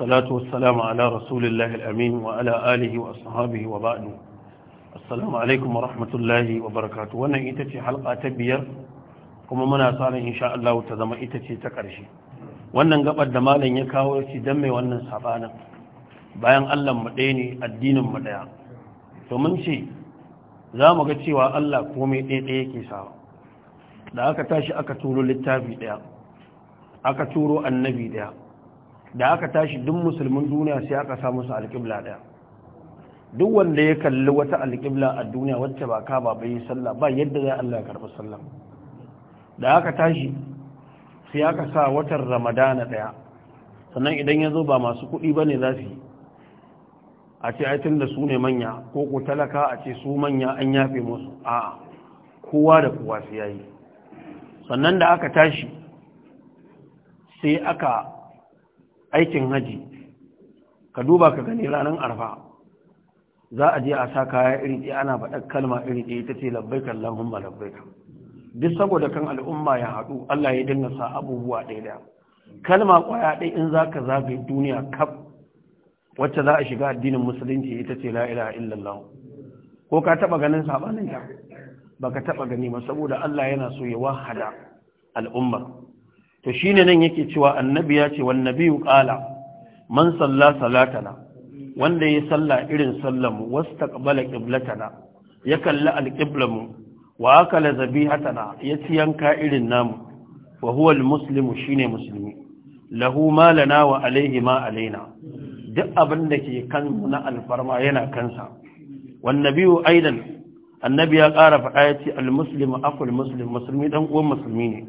والصلاة والسلام على رسول الله الأمين وعلى آله وأصحابه وبعد السلام عليكم ورحمة الله وبركاته وانا إتتي حلقة تبير kuma muna tsarin insha Allah ta zama ita ce ta ƙarshe wannan gaɓar da malam ya kawo shi dan mai wannan sabanin bayan Allah mu ɗaya ne addinin mu ɗaya to mun ce za mu ga cewa Allah komai ɗaya ɗaya yake sawa da aka tashi aka turo littafi ɗaya aka turo annabi ɗaya da aka tashi duk musulmin duniya sai aka sa musu alƙibla ɗaya duk wanda ya kalli wata alƙibla a duniya wacce ba ka ba bai sallah ba yadda za Allah ya karɓi sallah da aka tashi sai aka sa watan ramadana ɗaya sannan idan ya zo ba masu kuɗi ba ne za su yi a ce tun da su ne manya ko ko talaka a ce su manya an yafe musu a kowa da kowa su yayi sannan da aka tashi sai aka aikin haji ka duba ka gani ranar arfa za a je a sa kaya iri ɗaya ana faɗar kalma iri ɗaya ta ce labbai kallon humma labbai duk saboda kan al'umma ya haɗu Allah ya dinga sa abubuwa ɗaya ɗaya kalma ƙwaya ɗaya in za ka zafi duniya kaf wacce za a shiga addinin musulunci ita ce la ilaha illallah ko ka taɓa ganin sabanin ta ba ka taɓa gani ba saboda Allah yana so ya wahada al'ummar to shi ne nan yake cewa annabi ya ce wan nabiyyu man salla salatana wanda ya salla irin sallam wastaqbala qiblatana ya kalla alqiblamu wa akala zabihatana ya ci yanka irin namu wa huwa shi ne musulmi. lahu ma wa alaihi ma alaina duk abin da ke kan na alfarma yana kansa wan aidan annabi ya ƙara faɗa ya ce almuslimu akul muslim musulmi dan uwan musulmi ne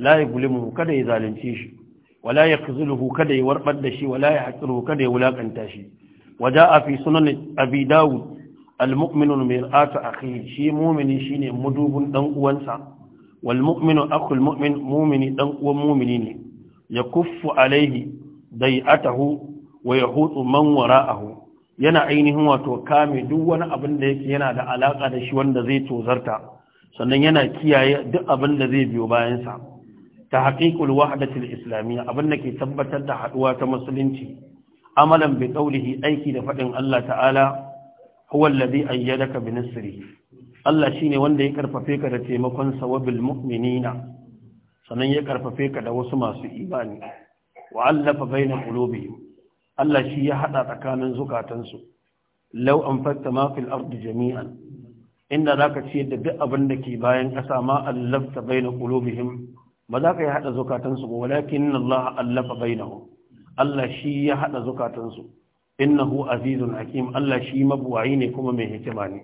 la yuzlimuhu kada ya zalunce shi wala yakzuluhu kada ya warbar da shi wala yahqiruhu kada ya wulakanta shi a fi sunan abi dawud المؤمن مرآة shi شي shi ne مدوب ɗan uwansa والمؤمن أخو المؤمن مؤمن ɗan uwan mumini ne يكف عليه ضيعته ويحوط من وراءه yana ainihin wato kame duk wani abin da yake yana da alaka da shi wanda zai tozarta sannan yana kiyaye duk abin da zai biyo bayansa. sa tahqiqul wahdati al-islamiyya abin da ke tabbatar da haɗuwa ta musulunci amalan bai qawlihi aiki da faɗin Allah ta'ala huwa alladhi ayyadaka bi nasri Allah shine wanda ya karfafe ka da taimakon sa wabil mu'minina sannan ya karfafe ka da wasu masu imani wa allafa baina qulubihim Allah shi ya haɗa tsakanin zukatansu law anfaqta ma fil ardi jami'an inda zaka ciyar da duk abin da ke bayan kasa ma allafta baina qulubihim ba za ka yi haɗa zukatansu ba walakin Allah allafa bainahu Allah shi ya haɗa zukatansu innahu azizun hakim Allah shi mabuwayi ne kuma mai hikima ne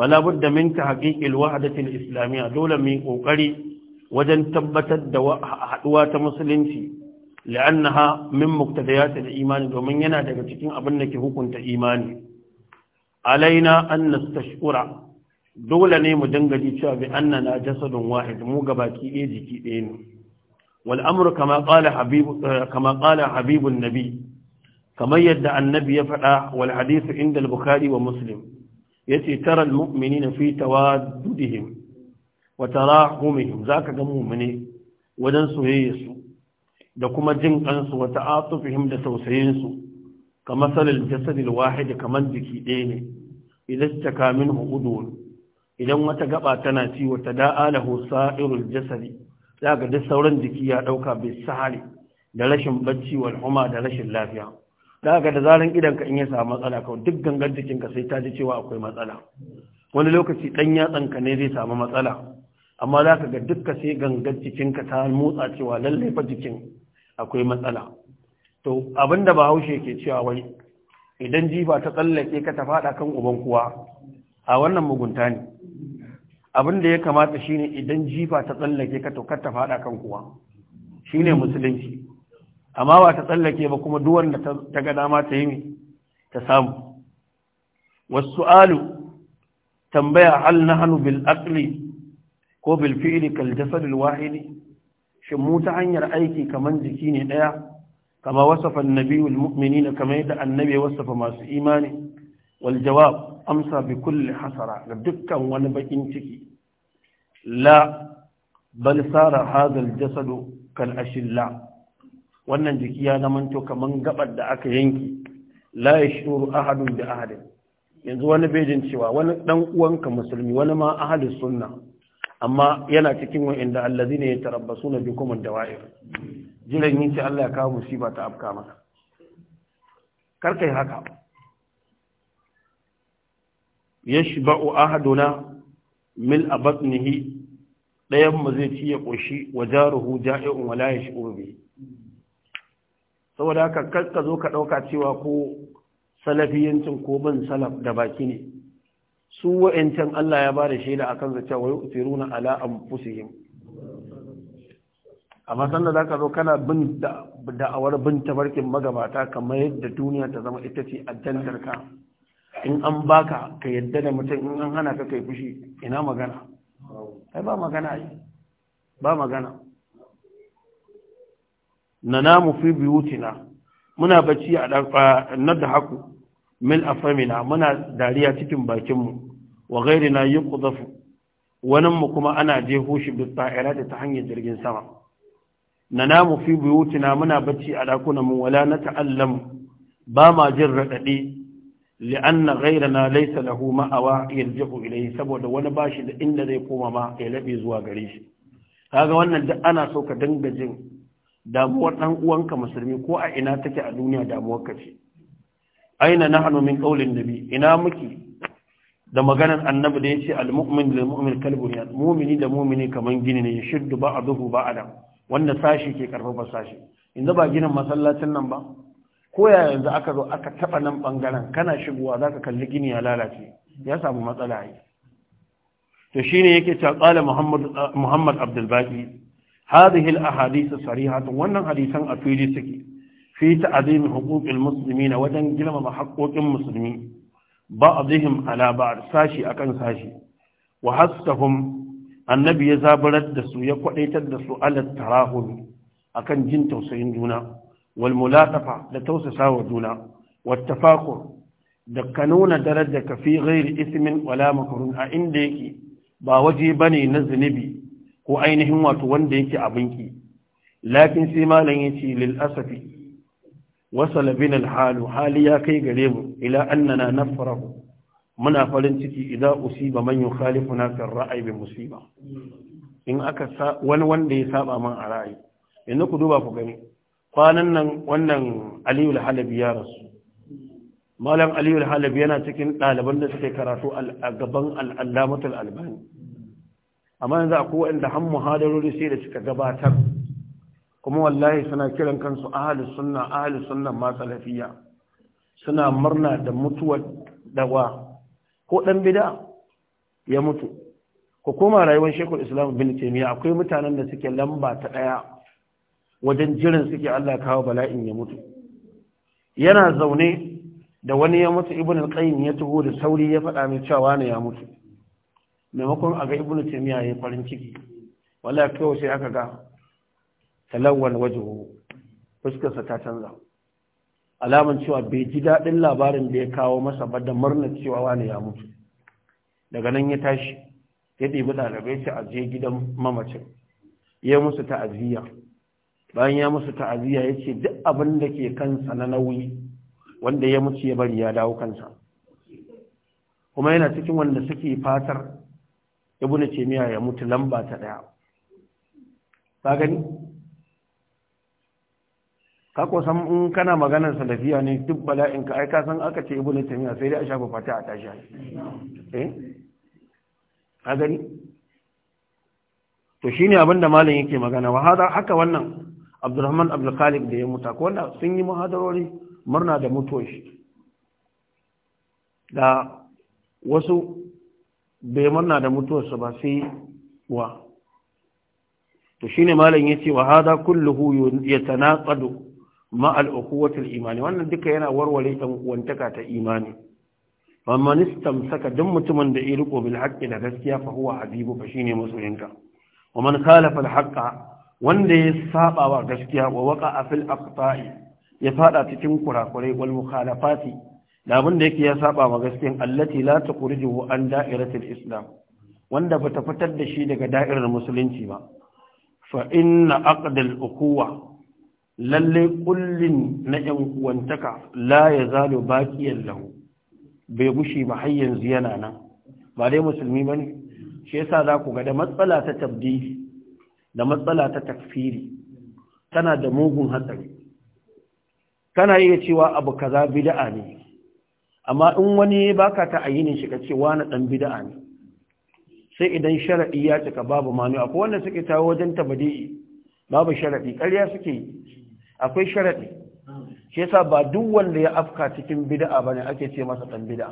wala budda min tahqiqil wahdatil islamiyya dole mu kokari wajen tabbatar da haɗuwa ta musulunci la'annaha min da imani domin yana daga cikin abin da ke hukunta imani alaina an nastashura dole ne mu dinga ji cewa bi annana jasadun wahid mu gabaki ɗaya jiki ɗaya ne wal amru kama qala habib kama qala habibun nabi kamar yadda annabi ya faɗa wal hadithu inda al-bukhari wa muslim yace tara al-mu'minina fi tawaddudihim wa tarahumihim zaka ga mu'mini wajen soyayyarsu da kuma jin kansu wa ta'atufihim da tausayinsu kamar salil jasadil wahid kamar jiki ɗaya ne idan ta kamin hudun idan wata gaba tana ciwo ta da'a lahu sa'irul jasadi zaka da sauran jiki ya dauka bai sahari da rashin bacci wal huma da rashin lafiya zaka da zaran idan ka in ya samu matsala ka duk gangan jikin ka sai ta ji cewa akwai matsala wani lokaci dan yatsan ka ne zai samu matsala amma zaka ga dukka sai gangan jikin ka ta motsa cewa lalle fa jikin akwai matsala to abinda bahaushe ke cewa wai idan jifa ta tsallake ka ta fada kan uban kuwa a wannan mugunta ne abin da ya kamata shi ne idan jifa ta tsallake ka to ta fada kan kuwa Shi ne musulunci amma ba ta tsallake ba kuma duk wanda ta ga dama ta yi ta samu Wasu alu, tambaya hal na hannu bil akli ko bil fi'li kal jasadul wahidi shi shin mu ta hanyar aiki kaman jiki ne daya kama wasafa an-nabiyyu mu'minina kama yadda annabi ya wasafa masu imani wal jawab amsa bi kulli hasara ga dukkan wani bakin ciki la bal sara hadal jasadu kal ashilla wannan jiki ya to kaman gabar da aka yanki la yashuru ahadun bi ahadin yanzu wani bejin cewa wani dan uwanka musulmi wani ma ahli sunna amma yana cikin wa inda allazina yatarabbasuna bikum da dawair jiran yin ce Allah ya kawo musiba ta afka maka kar haka yashba'u ahaduna mil a batnihi ɗayan mu zai ci ya ƙoshi wa jaruhu ja'i'un wala ya shi saboda haka ka zo ka ɗauka cewa ko salafiyancin ko bin salaf da baki ne su wa'ancan Allah ya ba da shaida akan zace wa yu'tiruna ala anfusihim amma sanda za ka zo kana bin da'awar bin tabarkin magabata kamar yadda duniya ta zama ita ce a ka in an baka ka yadda da mutum in an hana ka kai fushi ina magana ai ba magana ai ba magana na namu fi biyutina muna bacci a na da haku mil afamina muna dariya cikin bakinmu wa na yi kuzafu waninmu kuma ana jeho shi bisa'ira da ta hanyar jirgin sama na namu fi biyutina muna bacci a ɗakunanmu wala na ta'allamu ba ma jin raɗaɗe. li'anna ghayrana laysa lahu ma'awa yarji'u ilayhi saboda wani bashi da inda zai koma ma ya labe zuwa gare shi kaga wannan duk ana so ka dinga jin damuwar dan uwanka musulmi ko a ina take a duniya damuwar ka ce aina nahnu min qawlin nabi ina muke da maganar annabi da yace al-mu'min lil mu'min kalbun ya mu'mini da mu'mini kaman gini ne shiddu ba'dahu ba'da wanda sashi ke karfafa sashi inda ba ginin masallacin nan ba koya yanzu aka zo aka taɓa nan ɓangaren kana shigowa zaka kalli gini ya lalace ya samu matsala yi to shi ne yake ta tsala uh, muhammad abdulbaki hadihil a hadisa sarihatun wannan hadisan a fili suke fi ta'azimin hukukin musulmi na wajen girmama haƙoƙin musulmi ba a zihim ala sashi akan sashi wa annabi ya zabarar da su ya kwadaitar da su ala tarahum akan jin tausayin juna wal mulatafa da tausasa wa juna wat tafakur da ka nuna darajar ka fi ghairi ismin wala makarun a inda yake ba waje bane na zunubi ko ainihin wato wanda yake ki. lakin sai malam yace lil asafi wasala bina al hali ya kai gare mu ila annana nafrahu muna farin ciki idza usiba man yukhalifuna fi ra'ayi bi musiba in aka wani wanda ya saba min a ra'ayi yanzu ku duba ku gani kwanan nan wannan aliyu halabi ya rasu malam aliyu halabi yana cikin ɗaliban da suke karatu a gaban al'allamatul albani amma yanzu a inda han hadarori sai da suka gabatar kuma wallahi suna kiran kansu ahalus sunna ahalus sunna ma salafiya suna murna da mutuwar dawa ko ɗan bid'a ya mutu ko koma rayuwar shekul islam bin taimiyya akwai mutanen da suke lamba ta ɗaya wajen jiran suke Allah kawo bala'in ya mutu yana zaune da wani ya mutu ibn al-qayyim ya taho da sauri ya faɗa mai cewa ne ya mutu maimakon a ga ibn taymiya yayin farin ciki wallahi kawai sai aka ga talawwan wajhu fuskarsa ta canza alaman cewa bai ji daɗin labarin da ya kawo masa ba da murna cewa wani ya mutu daga nan ya tashi ya ɗebi ɗalibai ce a je gidan mamacin ya musu ta'aziyya bayan ya musu ta'aziyya ya ce duk abin da ke kansa na nauyi wanda ya mutu ya bari ya dawo kansa kuma yana cikin wanda suke fatar ibnu cemiya ya mutu lamba ta daya ka gani ka ko san in kana maganar salafiya ne duk bala'in ka ai ka san aka ce ibnu cemiya sai dai a shafa fata a tashi eh ka gani to shine abin da malam yake magana wa haka wannan abdurrahman abdulkhalik da ya mutu ko wanda sun yi muhadarori murna da mutuwar shi da wasu bai murna da mutuwarsa ba sai wa to shine malam yace wa hada kulluhu yatanaqadu ma al-uquwwati al-imani wannan duka yana warware dan wantaka ta imani amma nistamsaka duk mutumin da ya riko bil haqqi da gaskiya fa huwa habibu fa shine masoyinka wa man khalafa al-haqqa wanda ya saba wa gaskiya wa waka a fil aqta'i ya fada cikin kurakurai wal mukhalafati da abin da yake ya saba wa gaskiyan allati la tuqrijuhu an da'iratil islam wanda ba ta fitar da shi daga da'irar musulunci ba fa inna aqdal Ukuwa, lalle kullin na yan uwantaka la yazalu baqiyan lahu bai gushi ba har yanzu yana nan ba dai musulmi bane shi yasa za ku ga da matsala ta tabdili da matsala ta takfiri tana da mugun hatsari kana iya cewa abu kaza bid'a ne amma in wani baka ta ayinin shi kace wani dan bid'a ne sai idan sharadi ya cika babu manu akwai wanda suke tawo wajen tabadi babu sharadi ƙarya suke akwai sharadi shi yasa ba duk wanda ya afka cikin bid'a bane ake ce masa dan bid'a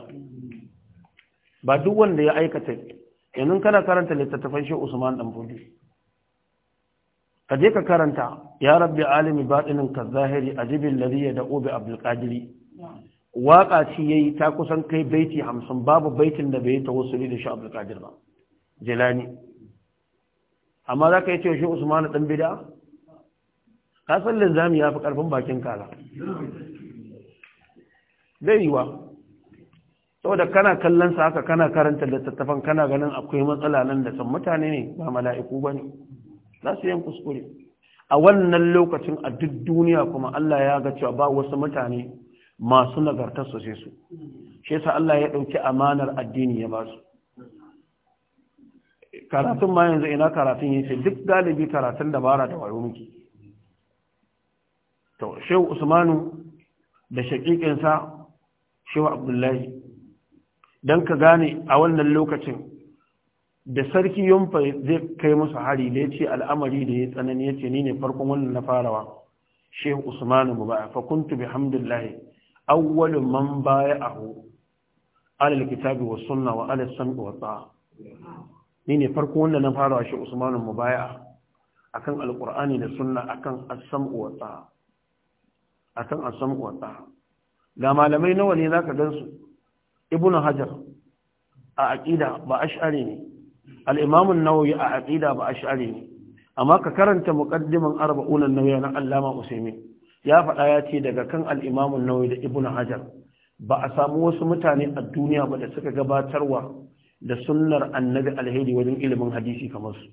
ba duk wanda ya aikata yanzu kana karanta littattafan shi Usman dan Fudu ka je ka karanta ya rabbi alimi baɗinin ka zahiri a jibin lariya da obi abdulkadiri waƙa ci yayi ta kusan kai baiti hamsin babu baitin da bai ta wasu da shi abdulkadir ba jilani amma za ka yi cewa shi usmanu ɗan bida ka san linzami ya fi ƙarfin bakin kala zai wa? saboda kana kallon haka kana karanta littattafan kana ganin akwai matsala nan da san mutane ne ba mala'iku ba ne za su yin kuskure a wannan lokacin a duk duniya kuma Allah ya ga cewa ba wasu mutane masu nagartar su sai su shi yasa Allah ya dauki amanar addini ya ba karatun ma yanzu ina karatun yin duk galibi karatun dabara da wayo miki to shehu usmanu da shakikinsa shehu abdullahi don ka gane a wannan lokacin da sarki yunfa zai kai musu hari da ya ce al'amari da ya tsanani ya ce ni ne farkon wannan na farawa shehu usmanu mubarak fa kuntu bihamdillahi awwalu man baya'ahu a alkitabi was sunna wa alal sam'i wa ta'a ni ne farkon wanda na farawa shehu usmanu mubarak akan alqur'ani da sunna akan as-sam'u wa ta'a akan as-sam'u wa ta'a da malamai nawa ne zaka gansu ibnu hajar a aqida ba ash'ari ne al'imamun nauyi a aƙida ba a shari ne amma ka karanta muƙaddimin arba'unan nauyi na allama usaimi ya faɗa ya ce daga kan al'imamun nauyi da ibn hajar ba a samu wasu mutane a duniya ba da suka gabatarwa da sunnar annabi alheri wajen ilimin hadisi kamar su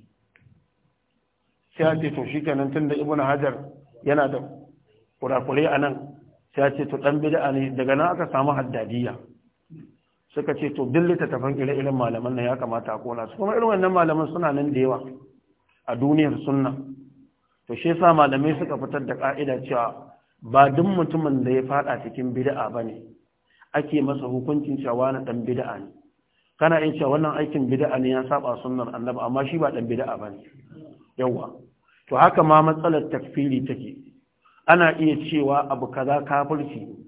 sai ya ce to shi kenan tun da ibn hajar yana da kurakurai a nan sai ya ce to ɗan bida ne daga nan aka samu haddadiya suka ce to duk littattafan ire-iren malaman nan ya kamata a kona su kuma irin wannan malaman suna nan da yawa a duniyar sunna to shi yasa malamai suka fitar da ka'ida cewa ba duk mutumin da ya fada cikin bid'a bane ake masa hukuncin cewa na dan bid'a ne kana yin cewa wannan aikin bid'a ne ya saba sunnar annabi amma shi ba dan bid'a bane yawa to haka ma matsalar takfiri take ana iya cewa abu kaza kafirci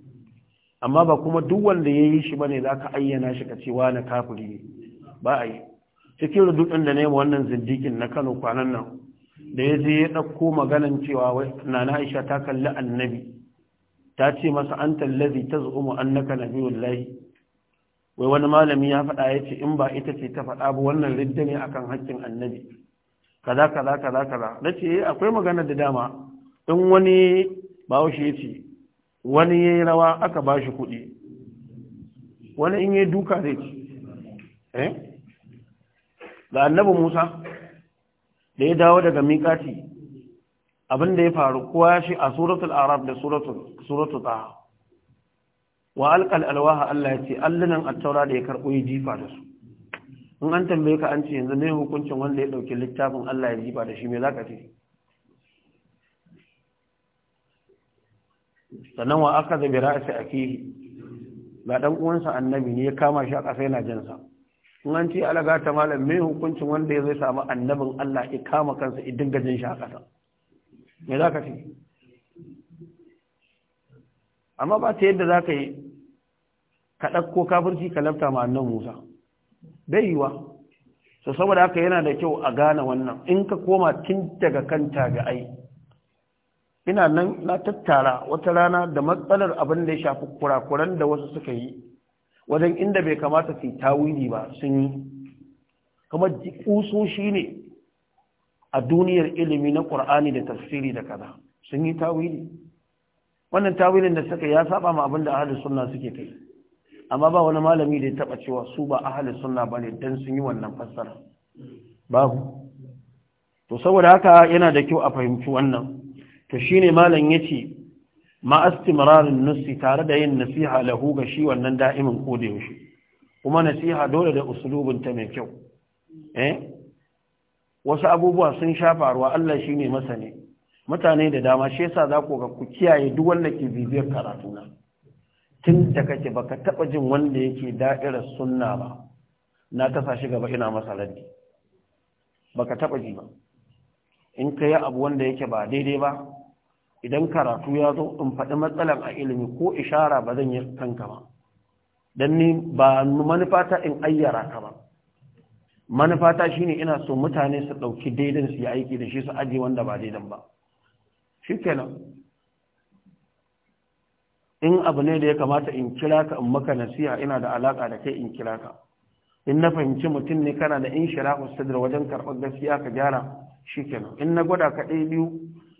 amma ba kuma duk wanda ya yi shi ba ne za ka ayyana shi ka ce na kafiri ne ba a yi cikin rududin da wannan zindikin na kano kwanan nan da ya je ya ɗauko maganan cewa na na aisha ta kalli annabi ta ce masa an tallazi ta annaka nabiyun lahi wai wani malami ya faɗa ya ce in ba ita ce ta faɗa ba wannan ridda ne akan haƙƙin annabi kaza kaza kaza kaza na ce eh, akwai magana da dama in wani shi ya ce wani ya yi rawa aka ba shi kuɗi wani in yi duka zai ci eh? ga annabi musa da ya dawo daga Mikati, abin ya faru kowa shi a suratul arab da suratul taha wa alƙal alwaha Allah ya ce allunan attaura da ya karɓo ya jifa da su in an tambaye ka an ce yanzu ne hukuncin wanda ya ɗauki littafin Allah ya jifa da shi me za ka ce sannan wa aka zabi ra'asi a kihi ga ɗan uwansa annabi ne ya kama shi a ƙasa yana jinsa in an ce alaga ta malam mai hukuncin wanda ya zai samu annabin Allah ya kama kansa ya dinga jin shi a ƙasa me za ka ce amma ba ta yadda za ka yi ka ɗauko kafirci ka lafta ma annan musa bai yiwa so saboda haka yana da kyau a gane wannan in ka koma tun daga kanta ga ai. ina nan na tattara wata rana da matsalar abin da ya shafi kurakuran da wasu suka yi wajen inda bai kamata su tawili ba sun yi kuma kusoshi ne a duniyar ilimi na ƙur'ani da tafsiri da kaza sun yi tawili wannan tawilin da suka ya saba ma abin da ahalin sunna suke kai amma ba wani malami da ya taba cewa su ba ahalin sunna ba ne don sun yi wannan fassara babu to saboda haka yana da kyau a fahimci wannan to shine malam yace ma istimrarin nusi tare da yin nasiha lahu ga shi wannan da'imin ko da kuma nasiha dole da usulubin ta mai kyau eh wasu abubuwa sun sha faruwa Allah shine masani mutane da dama shi yasa za ku ga ku kiyaye duk wanda ke bibiyar karatu na tun da kake baka taba jin wanda yake da'irar sunna ba na tasa shi gaba ina masa raddi baka taba ji ba in kai abu wanda yake ba daidai ba idan karatu ya zo in faɗi matsalan a ilimi ko ishara ba zan yi kanka ba Dan ni ba manufata in ayyara ka ba manufata shine ina so mutane su ɗauki daidan su yi aiki da shi su aje wanda ba daidan ba shi in abu ne da ya kamata in kira ka in maka nasiha ina da alaƙa da kai in kira ka in na fahimci mutum ne kana da in shirahun sadar wajen karɓar gaskiya ka gyara shi in na gwada ka ɗaya biyu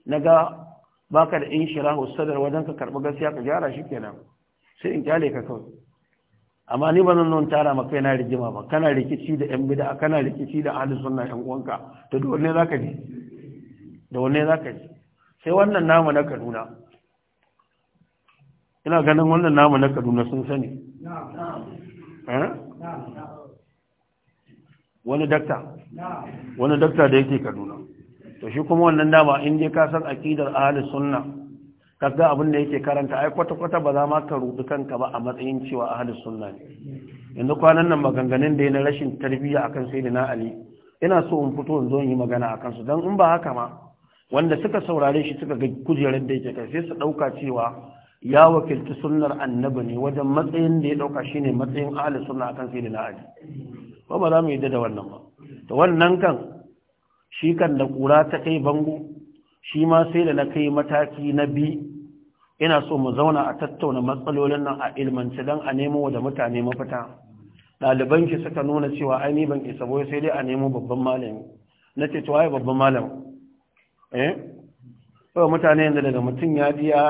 na ga baka da in shira sadar wajen ka karɓi gaskiya ka gyara shi kenan sai in kyale ka kawai amma ni ba nan tara maka yana rigima ba kana rikici da yan bida kana rikici da ahli sunna yan uwanka to da wanne zaka ji da wanne zaka ji sai wannan namu na Kaduna ina ganin wannan namu na Kaduna sun sani eh? wani dakta wani dakta da yake Kaduna to shi kuma wannan dama in je ka san aqidar ahli sunna kaga abin da yake karanta ai kwata kwata ba za ma ka rubi kanka ba a matsayin cewa ahli sunna ne yanzu kwanan nan maganganun da na rashin tarbiyya akan sayyidina ali ina so in fito in zo in yi magana akan su dan in ba haka ma wanda suka saurare shi suka ga kujerar da yake kai sai su dauka cewa ya wakilci sunnar annabi ne wajen matsayin da ya dauka shine matsayin ahli sunna akan sayyidina ali ba ba za mu yadda da wannan ba to wannan kan shi kan da ƙura ta kai bango shi ma sai da na kai mataki na bi ina so mu zauna a tattauna matsalolin nan a ilmanci don a nemo da mutane mafita ki suka nuna cewa ai ni ban isa boye sai dai a nemo babban malami na ce to ai babban malami eh kawai mutane yanda daga mutum ya ji ya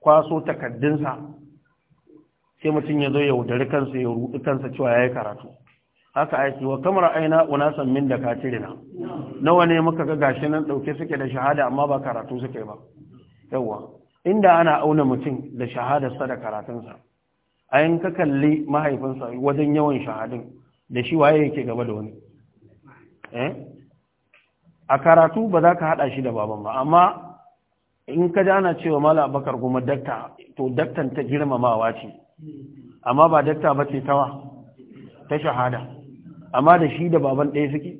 kwaso takaddunsa sai mutum ya zo ya wudari kansa ya ruɗi kansa cewa ya yi karatu haka aiki wa kamar aina unasan min da katirina nawa ne muka ga gashi nan dauke suke da shahada amma ba karatu suke ba yawa inda ana auna mutum da shahadarsa da karatunsa a yin ka kalli mahaifinsa wajen yawan shahadun da shi waye yake gaba da wani eh? a karatu ba za ka haɗa shi da baban ba amma in ka ana cewa mala abakar kuma dakta to daktan ta girmamawa ce amma ba dakta ba ce tawa ta shahada amma da shi da baban ɗaya suke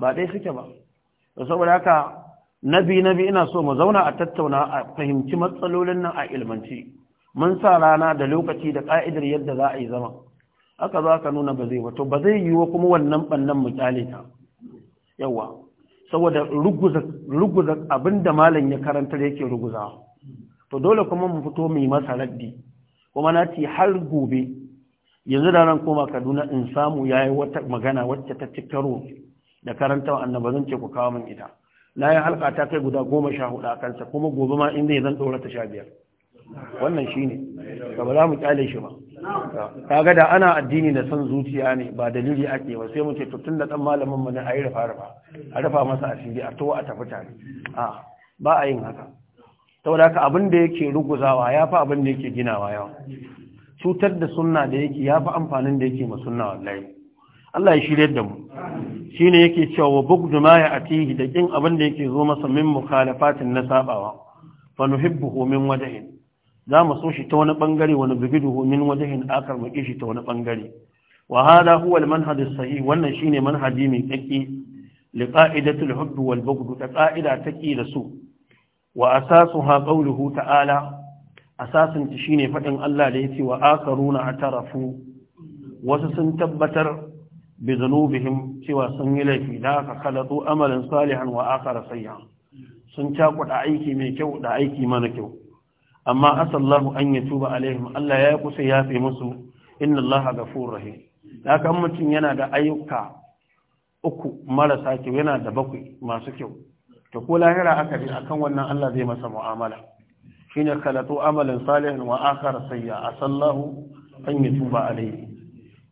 ba ɗaya suke ba saboda haka nabi nabi ina so mu zauna a tattauna a fahimci matsalolin nan a ilmanci mun sa rana da lokaci da ka'idar yadda za a yi zama aka za ka nuna ba zai wato ba zai yiwu kuma wannan bannan mu kyale ta yawa saboda ruguza ruguza abinda malam ya karantar yake ruguza to dole kuma mu fito mu yi masa raddi kuma na ci har gobe yanzu da nan koma kaduna in samu ya yi wata magana wacce ta cikaro da karantawa annaba zan ce ku kawo min ita na yi halka ta kai guda goma sha hudu a kansa kuma gobe ma inda ya zan ɗora ta sha biyar wannan shi ne ba za mu kyale shi ba ga da ana addini da son zuciya ne ba dalili ake ba sai mu ce to da dan malamin mu ne a yi rafa rafa a rafa masa asiri a to a tafi tare a ba a yin haka saboda haka abin da yake ruguzawa ya fi abin da yake ginawa yawa cutar da sunna da yake ya fi amfanin da yake ma sunna wallahi Allah ya shirya da mu shi ne yake cewa wa bugdu ma ya atihi da kin abin da yake zo masa min mukhalafatin na sabawa fa nuhibbuhu min wajhin za mu so shi ta wani bangare wani bigiduhu min wajhin akar mu kishi ta wani bangare wa hada huwa al manhaj as sahih wannan shine manhaji mai kake li qa'idatul hubb wal bughd ta qa'ida da su wa asasuha qawluhu ta'ala asasin shi shine faɗin Allah da ya ce wa a tarafu. wasu sun tabbatar bi zanubihim cewa sun yi laifi da aka kalatu amalin salihan wa akara sayyan sun cakuɗa aiki mai kyau da aiki mana kyau amma asallahu an tuba alaihim Allah ya kusa yafe musu inna Allah ghafurur rahim haka mutum yana da ayyuka uku marasa kyau yana da bakwai masu kyau to ko lahira aka bi akan wannan Allah zai masa mu'amala shine kalatu amalan salihin wa akhar sayya asallahu an yatuba alayhi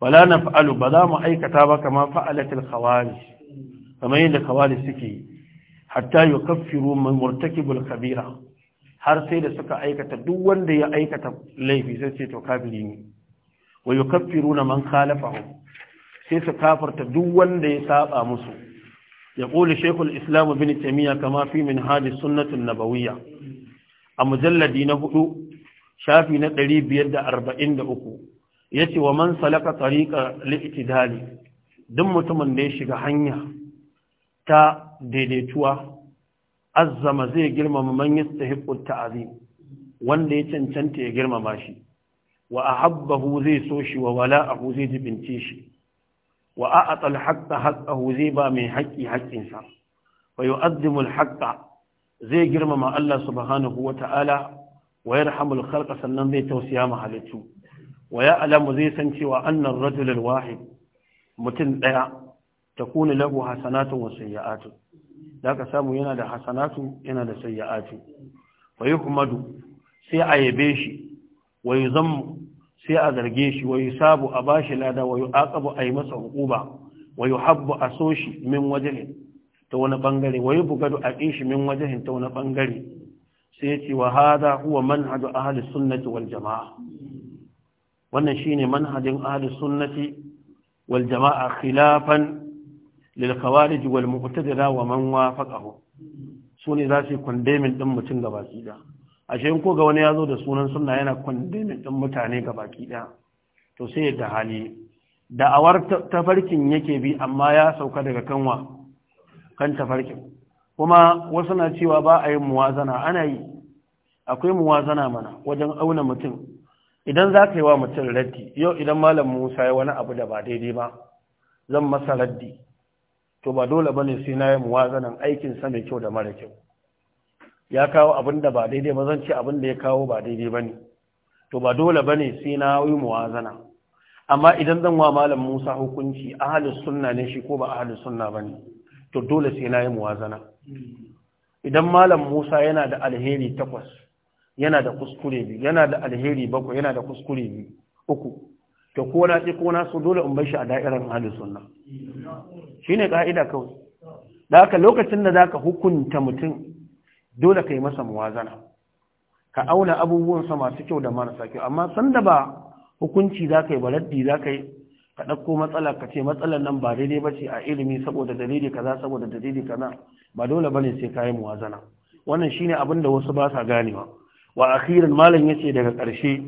wala naf'alu ba za mu aikata ba kama fa'alatil khawarij kamar yadda khawarij suke hatta yukaffiru man murtakibul kabira har sai da suka aikata duk wanda ya aikata laifi sai ce to kafiri ne wa yukaffiruna man khalafahu sai su kafarta duk wanda ya saba musu ya qulu shaykhul islam ibn taymiya kama fi minhaj sunnah an-nabawiyya a mujalladi na hudu shafi na ɗari biyar da arba'in da uku ya ce wa man salaka tariƙa li'itidali Don mutumin da ya shiga hanya ta daidaituwa azzama zai girmama man yastahiqqu ta'zim wanda ya cancanta ya girmama shi wa habbahu zai so shi wa wala'ahu zai jibince shi wa a al-haqqa haqqahu zai ba mai haƙƙi haƙƙinsa wa yu'addimu haƙƙa? zai girmama Allah subhanahu wa ta'ala wa yarhamul khalqa sannan zai tausaya ma halittu wa zai san cewa annan rajulul wahid mutum daya takunu lahu hasanatun wa sayyi'atun zaka samu yana da hasanatu yana da sayyi'atu wa yuhmadu sai a yabe shi wa yuzammu sai a zarge shi wa sabu a bashi lada wa a yi masa huquba wa so shi min wajhin ta wani bangare wa yi bugadu a ishi min wajahin ta wani bangare sai ya ce wa hada huwa manhajin ahli sunnati wal jama'a wannan shine manhajin ahli sunnati wal jama'a khilafan lil khawarij wal mu'tazila wa man wafaqahu sune za su condemn din mutum gabaki da ashe in ko ga wani ya zo da sunan sunna yana condemn din mutane gabaki ɗaya. to sai da hali da'awar tafarkin yake bi amma ya sauka daga kanwa kan tafarkin kuma wasu na cewa ba a yi muwazana ana yi akwai muwazana mana wajen auna mutum idan za ka yi wa mutum raddi yau idan malam musa ya wani abu da ba daidai ba zan masa raddi to ba dole ba ne sai na yi muwazanan aikinsa mai kyau da mara kyau ya kawo abin da ba daidai ba zan ce abin da ya kawo ba daidai ba ne to ba dole ba ne sai na yi muwazana amma idan zan wa malam musa hukunci ahalus sunna ne shi ko ba ahalus sunna ba ne to dole sai na yi muwazana idan malam musa yana da alheri takwas yana da kuskure biyu yana da alheri bakwai yana da kuskure biyu uku to ko na ce ko na so dole in bar shi a da'irar ahlus sunna shine ka'ida kawai da haka lokacin da zaka hukunta mutum dole kai masa muwazana ka auna abubuwan sa masu kyau da marasa kyau amma sanda ba hukunci zaka yi baladdi zaka yi ka ɗauko matsala ka ce matsalar nan ba daidai ba ce a ilimi saboda dalili kaza saboda dalili kaza ba dole bane sai ka yi muwazana wannan shine abin da wasu ba sa ganewa wa akhiran malam yace daga ƙarshe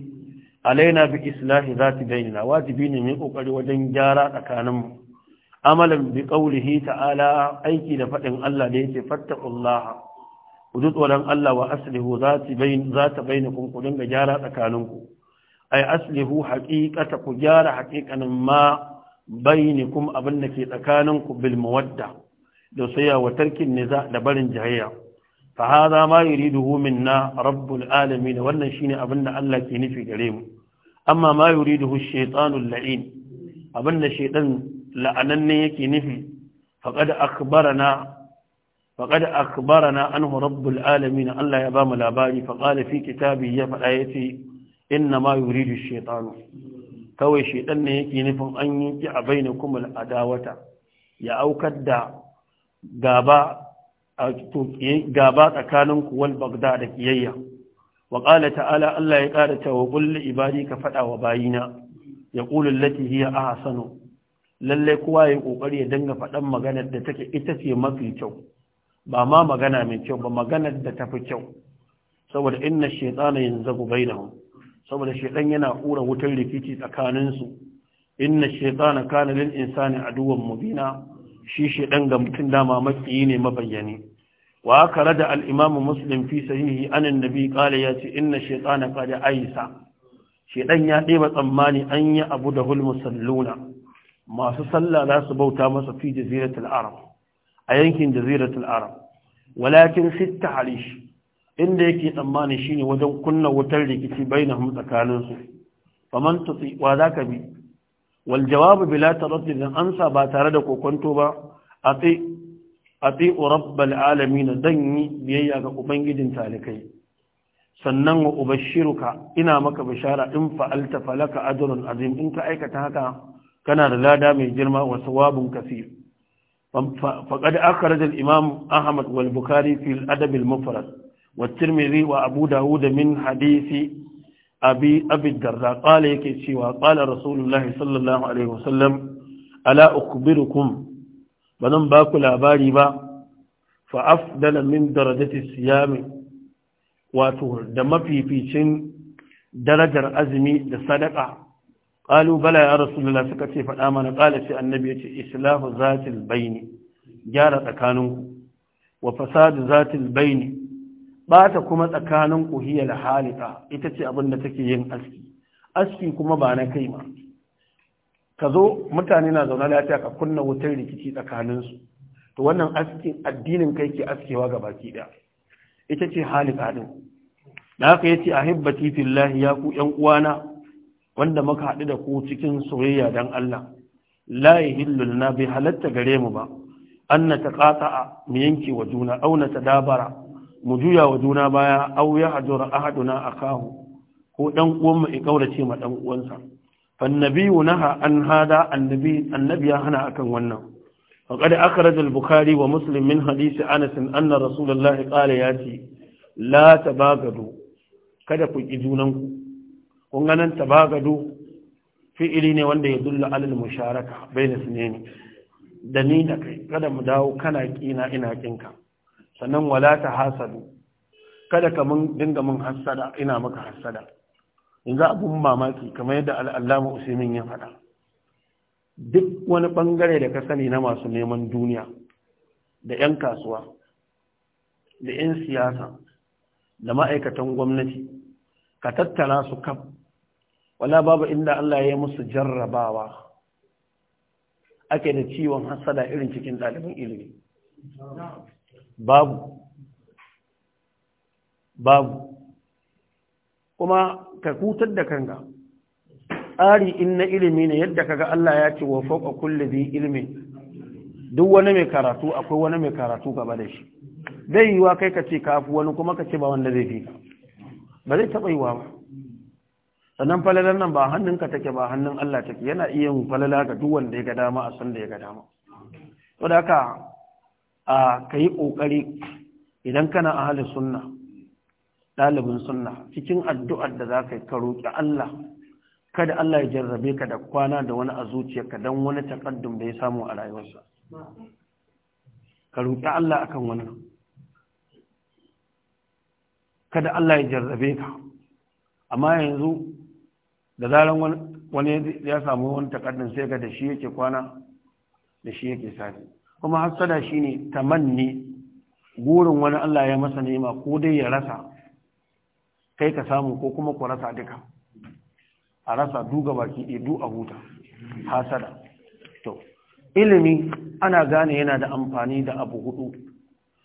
alaina bi islahi zati bainina wajibi ne mu kokari wajen gyara tsakanin mu amalan bi qawlihi ta'ala aiki da fadin Allah da yace fattaqullaha ku tsoron Allah wa aslihu zati bain zata bainakum ku dinga gyara tsakaninku ay aslihu haqiqata ku gyara haqiqanin ma kuma abin da ke tsakanin ku bil mawadda da saya wa tarkin niza da barin jahiyya fa hadha ma yuriduhu minna rabbul alamin wannan shine abin da Allah ke nufi gare mu amma ma yuriduhu ash-shaytanu lain abin da shaytan la'ananne yake nufi faqad akhbarana فقد أخبرنا أنه رب العالمين الله يبام الأباري فقال kitabi كتابه يفعل آيتي inna ma yuridu shaytanu kawai shaytan ne yake nufin an yi ki a baina kuma adawata ya aukar da gaba a gaba tsakanin ku wal bagda da kiyayya wa qala ta'ala Allah ya kada ta wa kulli ibadi ka fada wa bayina Ya allati hiya ahsanu lalle kowa ya kokari ya danga fadan magana da take ita ce mafi kyau ba ma magana mai kyau ba magana da tafi kyau saboda inna shaytana yanzagu bainahum saboda shaitan yana kura wutar rikici tsakaninsu inna shaitana kana lil insani aduwwan mubina shi shaitan ga mutum dama makiyi ne mabayyani wa aka rada al imamu muslim fi sahihi an annabi qala ya ce inna shaitana qad aisa shaitan ya ɗeba tsammani an yi abu da hul musalluna masu sallah za su bauta masa fi jaziratul arab a yankin jaziratul arab walakin fi tahrish inda yake tsammani shine wajen kunna wutar rikici bainahum tsakanin su man tuti wa zaka bi wal jawab bila taraddud an ansa ba tare da kokonto ba ati ati rabbul alamin dan yi biyayya ga ubangijin talikai sannan wa ubashiruka ina maka bishara in fa'alta falaka ajrun azim in ka aikata haka kana da lada mai girma wa sawabun kaseer faqad akhraj al imam ahmad wal bukhari fi al adab al mufrad والترمذي وأبو داود من حديث أبي أبي الدرداء قال يكيشي وقال رسول الله صلى الله عليه وسلم ألا أخبركم بنم باكو لاباري با فأفضل من درجة الصيام واتو دم في في شن درجة أزمي الصدقة قالوا بلى يا رسول الله سكتي فالآمن قال في النبي إسلاف ذات البين جارة كانوا وفساد ذات البين ba ta kuma tsakanin kuhiyar halika ita ce abin da take yin aski aski kuma ba na kai ma ka zo mutane na zaune lafiya ka kunna wutar rikici tsakaninsu to wannan askin addinin kai ke askewa ga baki ɗaya ita ce halika ɗin da haka ya ce a hibbati fillahi ya ku ‘yan uwana wanda muka haɗu da ku cikin soyayya dan Allah la yahillu na bai halatta gare mu ba an na ta mu yanke wa juna auna ta dabara mu juya wa juna baya au ya hajura ahaduna akahu ko dan uwan mu ya ma dan uwansa fannabiyu naha an hada annabi annabi ya hana akan wannan faqad akhraj al-bukhari wa muslim min hadisi anas anna rasulullahi qala yati la tabagadu kada ku ki junanku kun ganan tabagadu fi'ili ne wanda ya dulla alal musharaka bayna sunaini da ni da kai kada mu dawo kana kina ina kinka sannan wala ta hasadu kada ka mun dinga mun hasada ina maka hasada yanzu abun mamaki kamar yadda al'allama usaimin ya faɗa duk wani ɓangare da ka sani na masu neman duniya da 'yan kasuwa da 'yan siyasa da ma'aikatan gwamnati ka tattara su kaf wala babu inda Allah ya yi musu jarrabawa ake da ciwon hasada irin cikin ɗalibin ilimi babu babu kuma ka kutar da kanka tsari in na ilimi ne yadda kaga Allah ya ce wa fawqa kulli dhi ilimi. duk wani mai karatu akwai wani mai karatu gaba da shi zai yiwa kai ka ce kafu wani kuma ka ce ba wanda zai fi ba zai taɓa yiwa ba sannan falalar nan ba hannunka take ba hannun Allah take yana iya yin falala ga duk wanda ya ga dama a san da ya ga dama to da haka a ka yi ƙoƙari idan kana a halin sunna ɗalibin sunna cikin addu'ar da za ka yi ka roƙi Allah kada Allah ya jarrabe ka da kwana da wani a zuciyarka don wani takaddum da ya samu a rayuwarsa ka roƙi Allah a kan wannan kada Allah ya jarrabe ka amma yanzu da zarar wani ya samu wani takaddum sai ga da shi yake kwana da shi yake sati kuma hassada shine ne, gurin wani Allah ya masa nema ko dai ya rasa kai ka samu ko kuma ku rasa duka a rasa duga baki ɗaya du a huta hasada to ilimi ana gane yana da amfani da abu hudu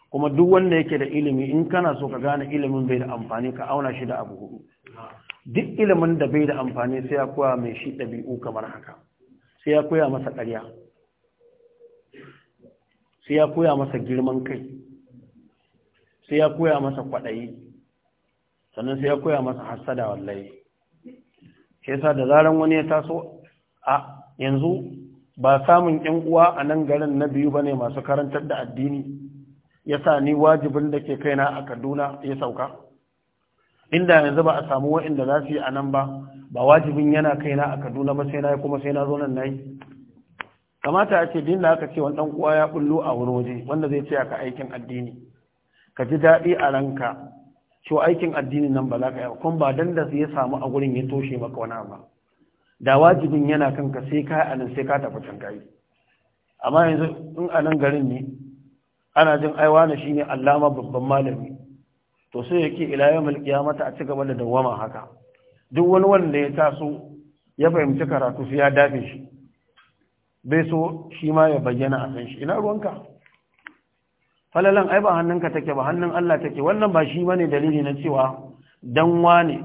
kuma duk wanda yake da ilimi in kana so ka gane ilimin bai da amfani ka auna shi da abu hudu duk ilimin da bai da amfani sai ya koya mai shi ɗabi'u kamar haka sai ya koya masa ƙarya sai ya koya masa girman kai sai ya koya masa kwaɗayi sannan sai ya koya masa hasada wallahi shi yasa da zaran wani ya taso a yanzu ba samun ƴan uwa a nan garin na biyu bane masu karantar da addini yasa ni wajibin da ke kaina a Kaduna ya sauka inda yanzu ba a samu waɗanda za su yi a nan ba ba wajibin yana kaina a Kaduna ba sai na kuma sai na zo nan nayi kamata a ce dinda aka ce wani dan uwa ya bullo a wani waje wanda zai ce ka aikin addini ka ji daɗi a ranka cewa aikin addinin nan ba za ka yi kuma ba dan da ya samu a gurin ya toshe maka wani ba da wajibin yana kanka sai ka a nan sai ka tafi can kai amma yanzu in a nan garin ne ana jin ai wani shine allama babban malami to sai yake ila yawmal qiyamata a cigaba da dawama haka duk wani wanda ya taso ya fahimci karatu sai ya dafe shi bai so shi ma ya bayyana a kan shi ina ruwanka falalan ai ba hannunka take ba hannun Allah take wannan ba shi bane dalili na cewa dan wane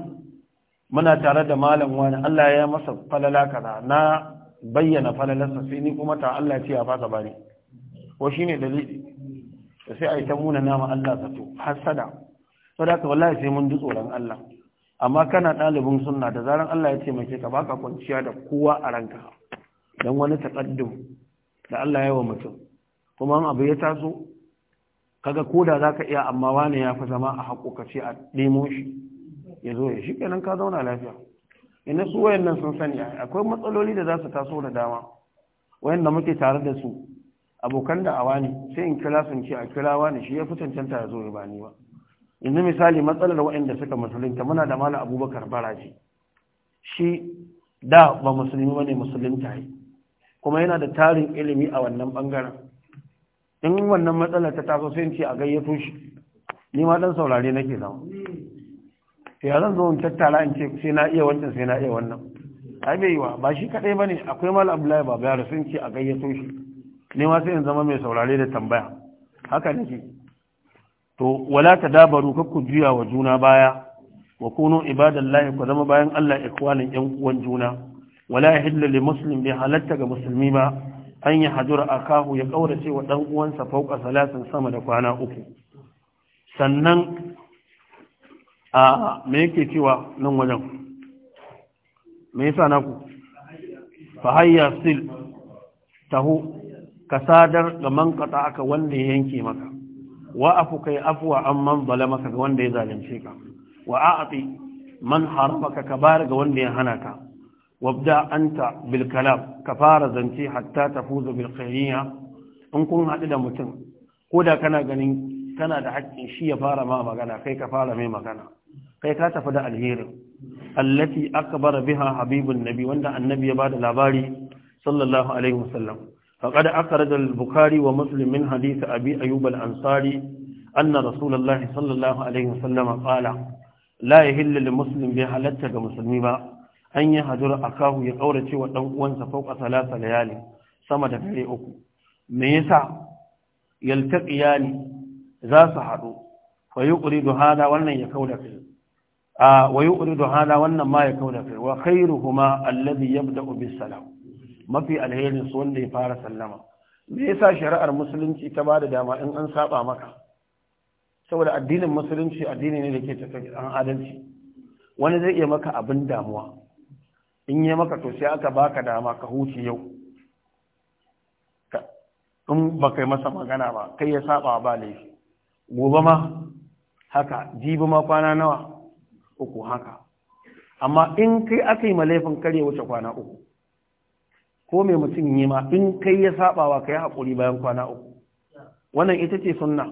muna tare da malam wane Allah ya masa falala kaza na bayyana sa sai ni kuma ta Allah ce ya fasa bane ko shine dalili sai ai ta muna nama Allah zato hasada saboda wallahi sai mun ji tsoron Allah amma kana ɗalibin sunna da zaran Allah ya ce mace ka baka kwanciya da kowa a ranka don wani taƙaddum da Allah ya wa mutum kuma abu ya taso kaga koda za ka iya amma wani ya fi zama a ka ce a nemo shi ya zo ya shi kenan ka zauna lafiya ina su wayannan sun sani akwai matsaloli da za su taso da dama wayanda muke tare da su abokan da awa ne sai in kira sun ce a kira wani shi ya fi cancanta ya zo ya bani ba yanzu misali matsalar wayanda suka musulunta muna da malam abubakar baraji shi da ba musulmi bane musulunta yi kuma yana da tarin ilimi a wannan bangaren in wannan matsala ta taso sai ce a gayyato shi ni ma dan saurare nake zama to ya zan zo in tattara in ce sai na iya wancan sai na iya wannan ai bai yiwa ba shi kadai bane akwai mal abdullahi baba ya sun ce a gayyato shi ni ma sai in zama mai saurare da tambaya haka nake to wala tadabaru ku juya wa juna baya wa kunu ibadallahi ku zama bayan Allah ikwanin yan uwan juna wala yahillu da muslim bai halatta ga musulmi ba an yi a Kahu ya kaurace wa dan uwansa fauka salatin sama da kwana uku sannan a me yake cewa nan wajen me yasa naku fa hayya sil taho! ka sadar ga man kata aka wanda ya yanke maka wa afu kai afwa an man zalamaka ga wanda ya zalunce ka wa a'ti man haramaka ka bar ga wanda ya hana ka wabda anta ta kalam ka fara zance hatta ta fuza khayriya in kun haɗu da mutum ko da kana ganin kana da haƙƙin shi ya fara ma magana kai ka fara mai magana kai ka tafi da alherin allati bara biha habibun nabi wanda annabi ya bada labari sallallahu alaihi wasallam faqad akhraja al-bukhari wa muslim min hadith abi ayyub al-ansari anna rasulullah sallallahu alaihi wasallam qala la yahillu lil muslim bi halatta ga musulmi ba an yi hajjura a kahu ya ƙaurace wa ɗan uwansa fauka da yali sama da dare uku me yasa yaltaqiya ne za su haɗu wa yuqridu hada wannan ya da kai a wa yuqridu hada wannan ma ya da kai wa khairuhuma alladhi yabda'u bis salam mafi alherin su wanda ya fara sallama me yasa shari'ar musulunci ta ba da dama in an saba maka saboda addinin musulunci addini ne da ke tafi an adalci wani zai iya maka abin damuwa in yi maka to sai aka baka dama ka huce yau in ba kai masa magana ba kai ya saba ba laifi gobe ma haka jibi ma kwana nawa uku haka amma in kai aka yi laifin kare wuce kwana uku ko mai mutum yi ma in kai ya saba wa kai haƙuri bayan kwana uku wannan ita ce sunna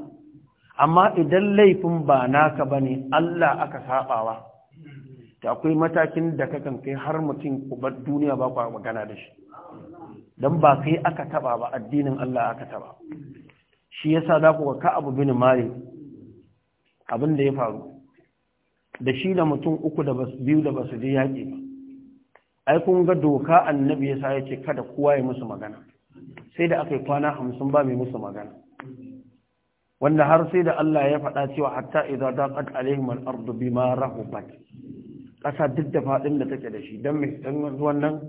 amma idan laifin ba naka ba ne Allah aka saɓawa ta akwai matakin da kakan kai har mutum kubar duniya ba kwa magana da shi don ba kai aka taba ba addinin Allah aka taba shi yasa za ku ka abu bin mari abin da ya faru da shi da mutum uku da biyu da basu je yaƙi ba ai kun ga doka annabi yasa ya ce kada kowa ya musu magana sai da aka yi kwana hamsin ba mai musu magana wanda har sai da Allah ya faɗa cewa hatta idza daqat alaihim al-ardu bima rahubat ƙasa duk da faɗin da take da shi don mai ɗan nan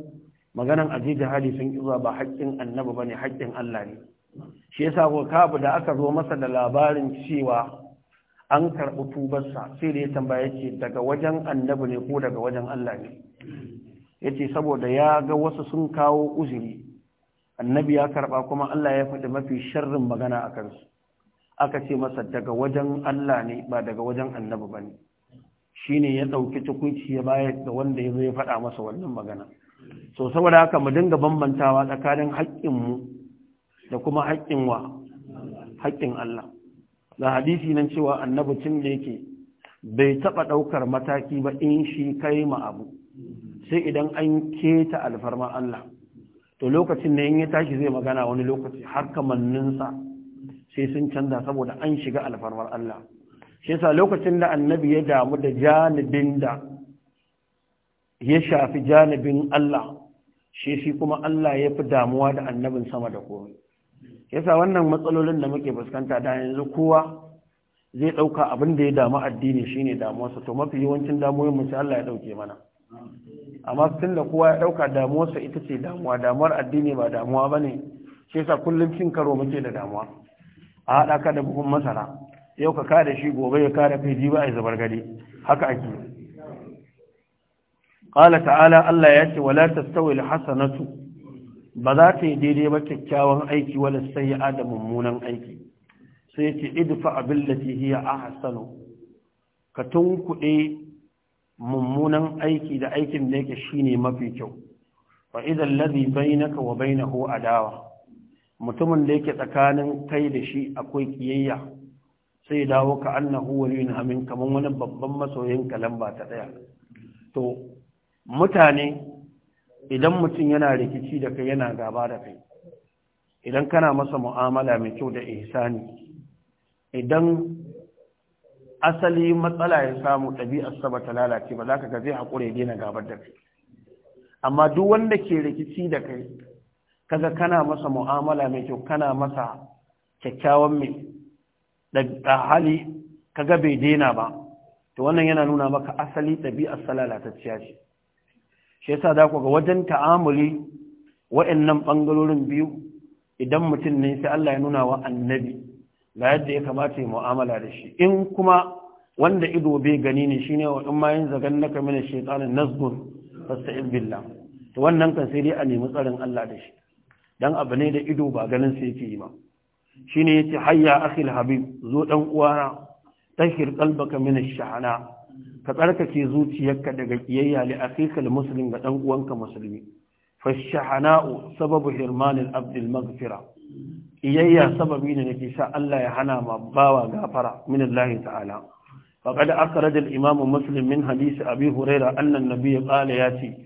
maganan aji hali sun zuwa ba haƙƙin annabi ba ne haƙƙin Allah ne shi yasa ko kabu da aka zo masa da labarin cewa an karɓi tubarsa sai da ya tambaya ce daga wajen annabi ne ko daga wajen Allah ne ya ce saboda ya ga wasu sun kawo uzuri annabi ya karɓa kuma Allah ya faɗi mafi sharrin magana a kansu aka ce masa daga wajen Allah ne ba daga wajen annabi ba ne Shi ne ya ɗauki tukunci ya baya da wanda ya zo ya faɗa masa wannan magana so saboda haka mu dinga bambantawa tsakanin haƙƙinmu da kuma haƙƙin wa haƙƙin Allah da hadisi nan cewa annabi tun da yake bai taɓa ɗaukar mataki ba in shi kai ma abu sai idan an keta alfarma Allah to lokacin da yin ya tashi zai magana wani lokaci har kamanninsa sai sun canza saboda an shiga alfarmar Allah shi yasa lokacin da annabi ya damu da janibin da ya shafi janibin Allah shi shi kuma Allah ya fi damuwa da annabin sama da komai yasa wannan matsalolin da muke fuskanta da yanzu kowa zai ɗauka abin da ya damu addini shine damuwarsa to mafi yawancin damuwoyin mutum Allah ya ɗauke mana amma tun da kowa ya ɗauka damuwarsa ita ce damuwa damuwar addini ba damuwa ba ne shi yasa kullum cin karo muke da damuwa a haɗa ka da buhun masara yau ka kada shi gobe ya kada kai jiba a zabar gari haka ake ƙala ta'ala Allah ya ce wala tastawi hasanatu ba za ta yi daidai ba kyakkyawan aiki wala ya da mummunan aiki sai yace idfa billati hiya hasano ka kuɗe mummunan aiki da aikin da yake shine mafi kyau wa idan ladhi bainaka wa bainahu adawa mutumin da yake tsakanin kai da shi akwai kiyayya sai dawo ka annahu waliyun amin kaman wani babban masoyin lamba ta ɗaya. to mutane idan mutum yana rikici da kai yana gaba da kai idan kana masa mu'amala mai kyau da ihsani idan asali matsala ya samu ɗabi'ar saba ta lalace ba za ka ga gaze haƙure daina gabar da kai amma duk wanda ke rikici da kai kaga kana masa mu'amala mai kyau kana masa kyakkyawan mai da hali kaga bai daina ba to wannan yana nuna maka asali ɗabi'ar salalatacciya ce shi yasa da ku ga wajen ta'amuli wa'annan bangarorin biyu idan mutum ne sai Allah ya nuna wa annabi ga yadda ya kamata ya mu'amala da shi in kuma wanda ido bai gani ne shine wa in ma yin zagan naka mina shaytanin Nazgur fasta'in billah to wannan kan sai dai a nemi tsarin Allah da shi dan abu ne da ido ba ganin sai yake yi ba shine yace hayya akhil habib zo ɗan uwana tahir qalbaka shahana ka tsarkake zuciyarka daga kiyayya li akhikal muslim ga ɗan uwanka musulmi fa ash sababu hirmanin al-abd al sababi ne nake sa Allah ya hana ma bawa gafara min Allah ta'ala فقد أخرج الإمام مسلم من abi أبي هريرة أن ya قال ياتي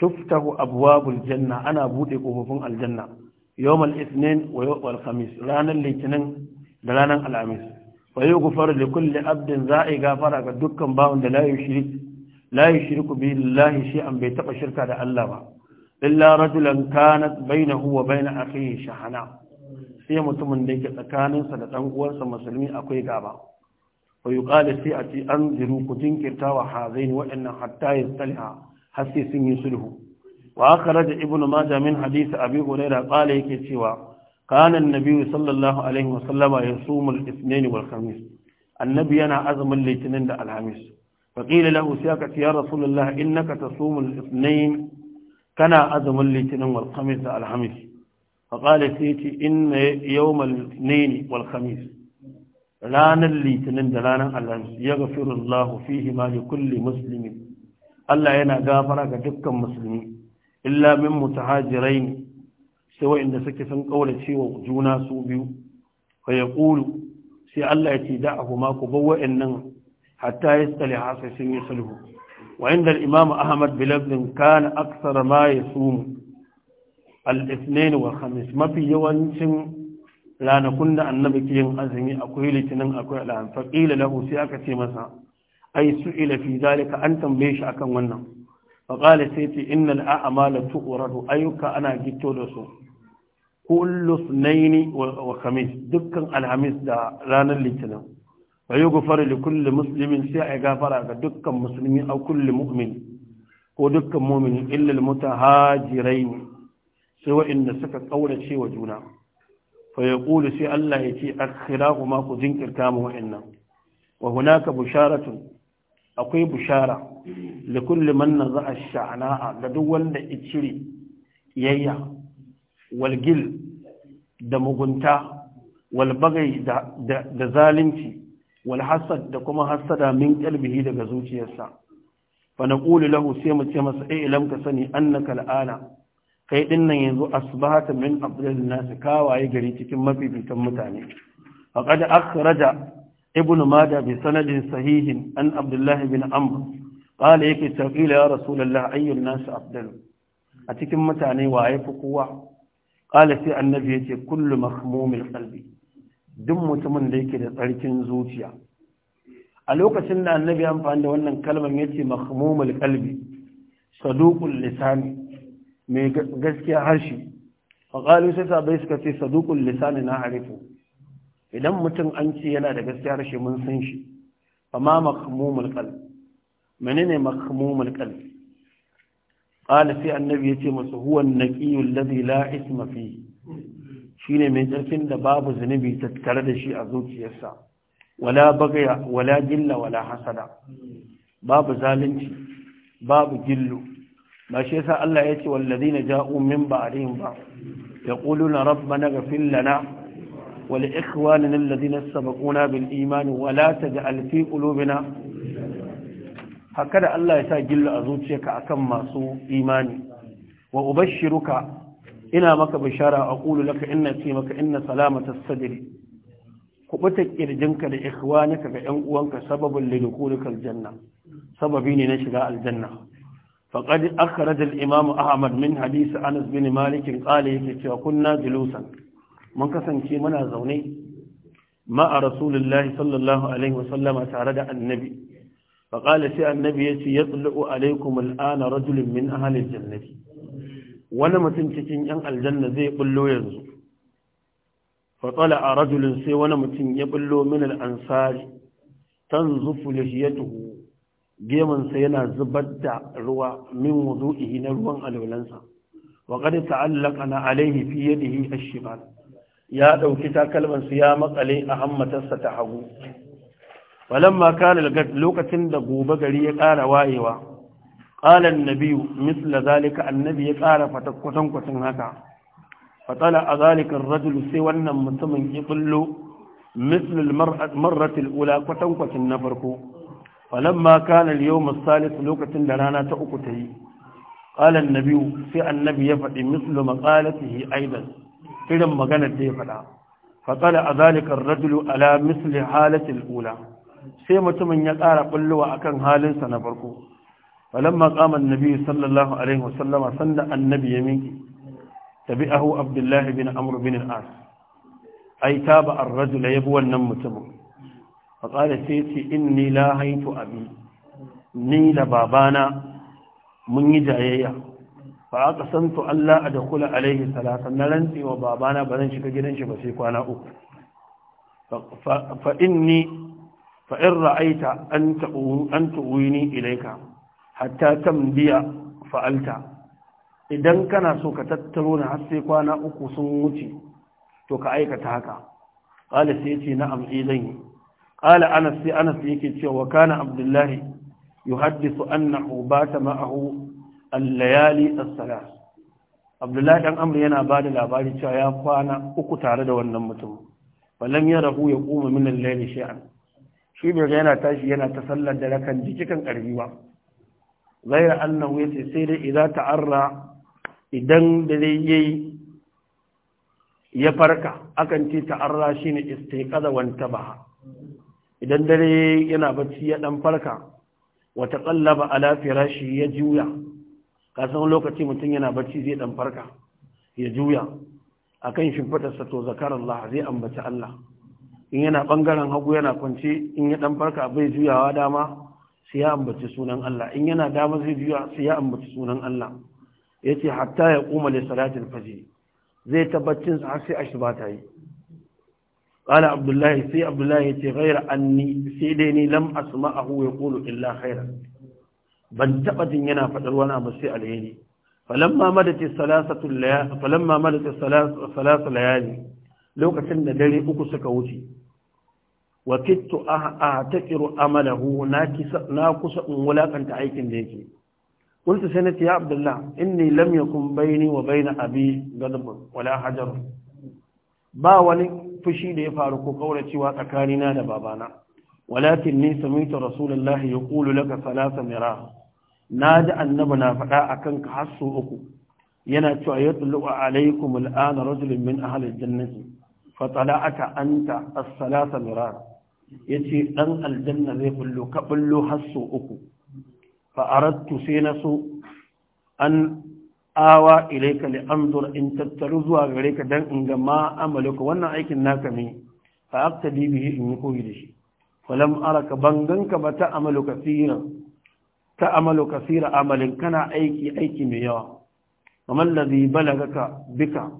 tuftahu abwabul janna ana بودي قفوف aljanna yawmal ithnin wa yawmal khamis ranar litinin da ranar alhamis wa yughfar li za a yi gafara ga dukkan bawan da la yushrik la yushriku billahi shay'an bai taba shirka da Allah ba illa rajulan kanat bainahu wa bain akhihi shahana sai mutumin da yake tsakaninsa da ɗan uwarsa musulmi akwai gaba wa yuqalu sai a ci an jiru ku jinkirta wa hazain waɗannan hatta yastaliha har sun yi sulhu wa akhraj Ibn majah min hadith abi hurairah qala yake cewa kana annabi sallallahu alaihi wa sallama yasumu al-ithnain wal khamis annabi yana azumin litinin da alhamis fa qila lahu siyaka ya rasulullah innaka tasumu al-ithnain kana azumin litinin wal khamis da alhamis fa qala sayti inna yawm al-ithnain wal khamis ranar litinin da ranar alhamis ya gafirullahu fihi ma li kulli muslimi Allah yana gafara ga dukkan musulmi illa min ne sai wa'inda suke san kaulace cewa juna su biyu fa yaqulu sai Allah ya ce da'ahu ma ku bar wa'annan hatta yastali hasa sun yi sulhu wa imam Ahmad bilabdin kana aksar ma sumu? al-ithnain wa khamis mafi yawancin ranakun da annabi ke yin azumi akwai litinin akwai alhamfa qila lahu sai aka ce masa ai su'ila fi zalika an tambaye shi akan wannan faƙali sai ce innal a'amala tu'radu ayyuka ana gito da su kullu sunaini wa khamis dukkan alhamis da ranar litinin wa yughfaru li kulli muslimin sai a gafara ga dukkan musulmi aw kulli mu'min ko dukkan mu'mini illa al-mutahajirain sai wa'inda suka kaurace wa juna fa yaqulu sai Allah ya ce akhirahu ma ku jinkirta ma wa'innan wa hunaka busharatun akwai bushara likulli man a sha'ana'a ga duk wanda iciri cire yayya walgil da mugunta walbagai da zalunci walhassad da kuma hassada min kalbihi daga zuciyarsa fa lahu sai mu ce masa ai ilam ka sani annaka al'ana kai ɗinnan yanzu asbahata min afdal nas kawaye gari cikin mafifitan mutane faqad akhraja ibnu mada bi sanadin sahihin an Abdullahi bin amr qala yake tawila ya rasulullah ayyun nasu Abdul. a cikin mutane ya fi kowa ƙala sai annabi yace kullu mahmumil qalbi duk mutumin da yake da tsarkin zuciya a lokacin da annabi ya amfani da wannan kalmar yace mahmumul qalbi saduƙun lisani mai gaskiya harshe faƙalu sai sabai suka ce saduƙun lisani na harifu idan mutum an ce yana da gaskiyar harshe mun san shi amma makamumul kal menene makhmumul qalbi qala sai annabi yace masa huwa an-naqiyul ladhi la isma fi shine mai tsarkin da babu zunubi tattare da shi a zuciyarsa wala bagaya wala gilla wala hasada babu zalunci babu gillu ba shi yasa Allah yace wal ladina ja'u min ba'dihim ba yaquluna rabbana ighfir lana wal li ikhwanina alladhina sabaquna bil iman wa la taj'al fi qulubina haka da Allah ya sa gilla a zuciyarka akan masu imani wa ubashshiruka ina maka bishara aqulu laka inna fi maka inna salamata sadri kubuta kirjinka da ikhwanaka ga yan uwanka sababin lidukulika aljanna sababi ne na shiga aljanna faqad akhraj al-imam ahmad min hadith anas bin malik qala yake cewa kunna julusan mun kasance muna zaune ma'a rasulullahi sallallahu alaihi wasallama tare da annabi faƙala sai annabi ya ce ya tsullu alaikum al'ana rajulun min ahalin jannati wani mutum cikin yan aljanna zai bullo yanzu fatsala a rajulun sai wani mutum ya bullo min al'ansari tan ya lihiyatuhu gemansa yana zubar da ruwa min wudu'ihi na ruwan alwalansa wa qad na alaihi fi yadihi ash-shimal ya dauki takalman su ya makale a hammatarsa ta Habu. falamma kana lokacin da gobe gari ya ƙara wayewa qala an-nabi misla zalika annabi ya ƙara fatakwatan kwatin haka fatala a ar-rajul sai wannan mutumin ya kullu. misl al-mar'at kwatan kwatin na farko falamma kana al-yawm as lokacin da rana ta uku ta yi qala an-nabi sai annabi ya faɗi mislu maqalatihi aidan maganar da ya faɗa fatala a zalika ala misli halati ula sai mutumin ya ƙara a kan halinsa na farko falan maqaman nabi sallallahu alaihi wasallama sanda annabi ya minki tabi'ahu abdullahi bin amr bin al-as ba taba ar-rajul yabi wannan mutumin faƙada sai ce ni la haitu abi ni da babana mun yi jayayya Ba a santo Allah a da kula alaihi salata na wa babana ba zan shiga gidan shi ba sai kwana uku fa inni fa in ra'aita an tu'wini ilaika hatta tambiya fa'alta idan kana so ka tattaro na har sai kwana uku sun wuce to ka aikata haka qala sai yace na'am idan qala anas sai anas yake cewa kana abdullahi yuhaddisu annahu bata ma'ahu al-layali as-salas abdullahi dan amr yana bada labari cewa ya kwana uku tare da wannan mutum rahu yarahu yaqumu min al-layli shay'an shi bai ga yana tashi yana ta sallar da rakan jikin kan karfi ba zaira annahu yace sai dai idan ta'arra idan da zai ya farka akan ce ta'arra shine istiqaza wan tabaha idan dare yana bacci ya ɗan farka wa taqallaba ala shi ya juya kasan lokaci mutum yana bacci zai ɗan farka ya juya akan shimfiɗarsa to zakarallah zai ambaci Allah in yana ɓangaren hagu yana kwance in ya ɗan farka bai juyawa dama sai ya ambaci sunan Allah in yana dama zai juya sai ya ambaci sunan Allah ya ce hatta ya kuma salatin faji zai tabbacin sa sai a shi ba ta yi ƙala abdullahi sai abdullahi ya ce ghaira anni sai dai ni lam asma a huwa kulu illa ban taɓa jin yana faɗar wani abu sai alheri falamma madace salasatul layali falamma layali lokacin da dare uku suka wuce wa kittu a taƙiru amalahu na kusa in wulaƙanta aikin da yake قلت سنة يا عبد الله إني لم يكن بيني وبين أبي غضب ولا حجر Ba wani fushi da ya faru ko kauracewa tsakanina da babana walakin ni samitu rasulullahi yaqulu laka salasa mira naji annabi na faɗa akan ka sau uku yana cewa yatlu alaikum al'ana rajulun min ahli jannati fa aka anta as-salasa mira ya ce ɗan aljanna zai bullo ka har so uku fa'arattu sai na so an awa ilaika li zura in tattaru zuwa gare ka dan in ga ma Ka wannan aikin naka ne fa aqtadi bihi in yi koyi da shi falam araka banganka ba ta amalu kasira ta amalu kasira amalin kana aiki aiki mai yawa kamar balaga balagaka bika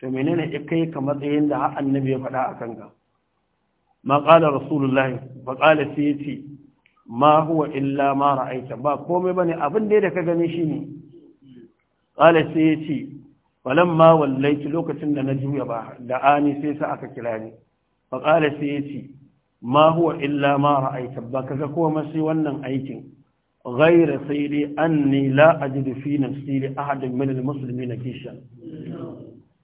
to menene kai ka matsayin da annabi ya faɗa a kanka? ma qala rasulullahi fa qala sai yace ma huwa illa ma ra'aita ba komai ne, abin da ka gani ne. qala sai yace ma wallaiki lokacin da na juya ba da ani sai sa aka kira ni fa sai ce, ma huwa illa ma ra'aita ba kaga komai sai wannan aikin غير na أني لا ahadin في Musulmi na من Tinda كيشا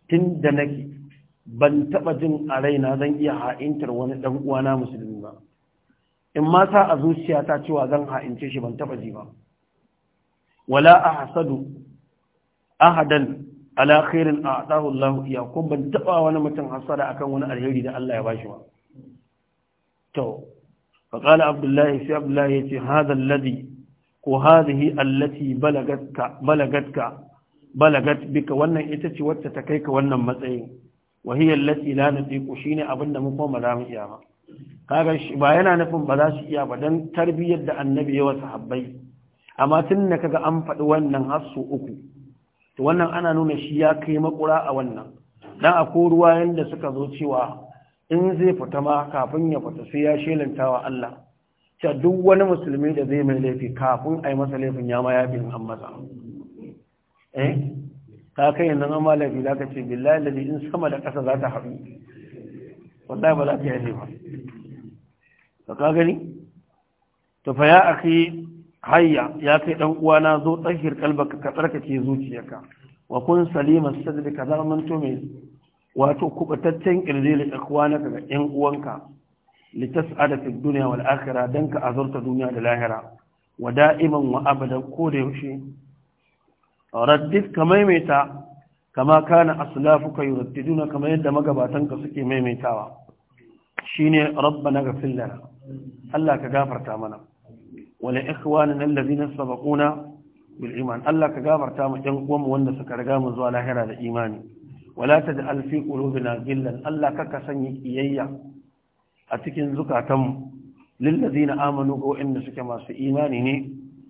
تندنكي ban taɓa jin a raina zan iya ha'intar wani dan uwana musulmi ba in ma sa a ta cewa zan ha'ince shi ban taɓa ji ba wala a hasadu ahadan ala khairin a atahu Allah ya ko ban taɓa wani mutum hasara akan wani alheri da Allah ya bashi ba to fa qala abdullahi sai abdullahi yace hadha alladhi ko hadhihi allati balagatka balagatka balagat bika wannan ita ce wacce ta kai ka wannan matsayin Wahiyar Lati allati la shi shine abinda mu kuma za mu iya ba kaga ba yana nufin ba za su iya ba dan tarbiyyar da annabi ya sahabbai amma tun da kaga an faɗi wannan har uku to wannan ana nuna shi ya kai makura a wannan dan akwai ruwa yanda suka zo cewa in zai fita ma kafin ya fita sai ya shelanta wa Allah cewa duk wani musulmi da zai mai laifi kafin a yi masa laifin ya ma ya bin an eh ka kai yanzu an malami za ka ce billahi Ladi in sama da ƙasa za ta haɗu wallahi ba za ta yi ba ka ka gani to fa ya akhi hayya ya kai ɗan uwana zo tsahir kalbaka ka tsarkake zuciyarka wa kun Salima sadri ka zama mai wato kubataccen kirje da ikwanaka ga yan uwanka litas'ada fi dunya wal akhirah dan ka azurta duniya da lahira wa da'iman wa abadan ko da yaushe raddid ka maimaita kama kana aslafuka yuraddiduna kama yadda magabatanka suke maimaitawa shine rabbana ghfir lana Allah ka gafarta mana wala ikhwanana alladhina sabaquna bil iman Allah ka gafarta mu ɗan uwanmu wanda suka riga mu zuwa lahira da imani wala taj'al fi qulubina ghillan Allah ka ka sanya kiyayya a cikin zukatanmu na amanu ga inda suke masu imani ne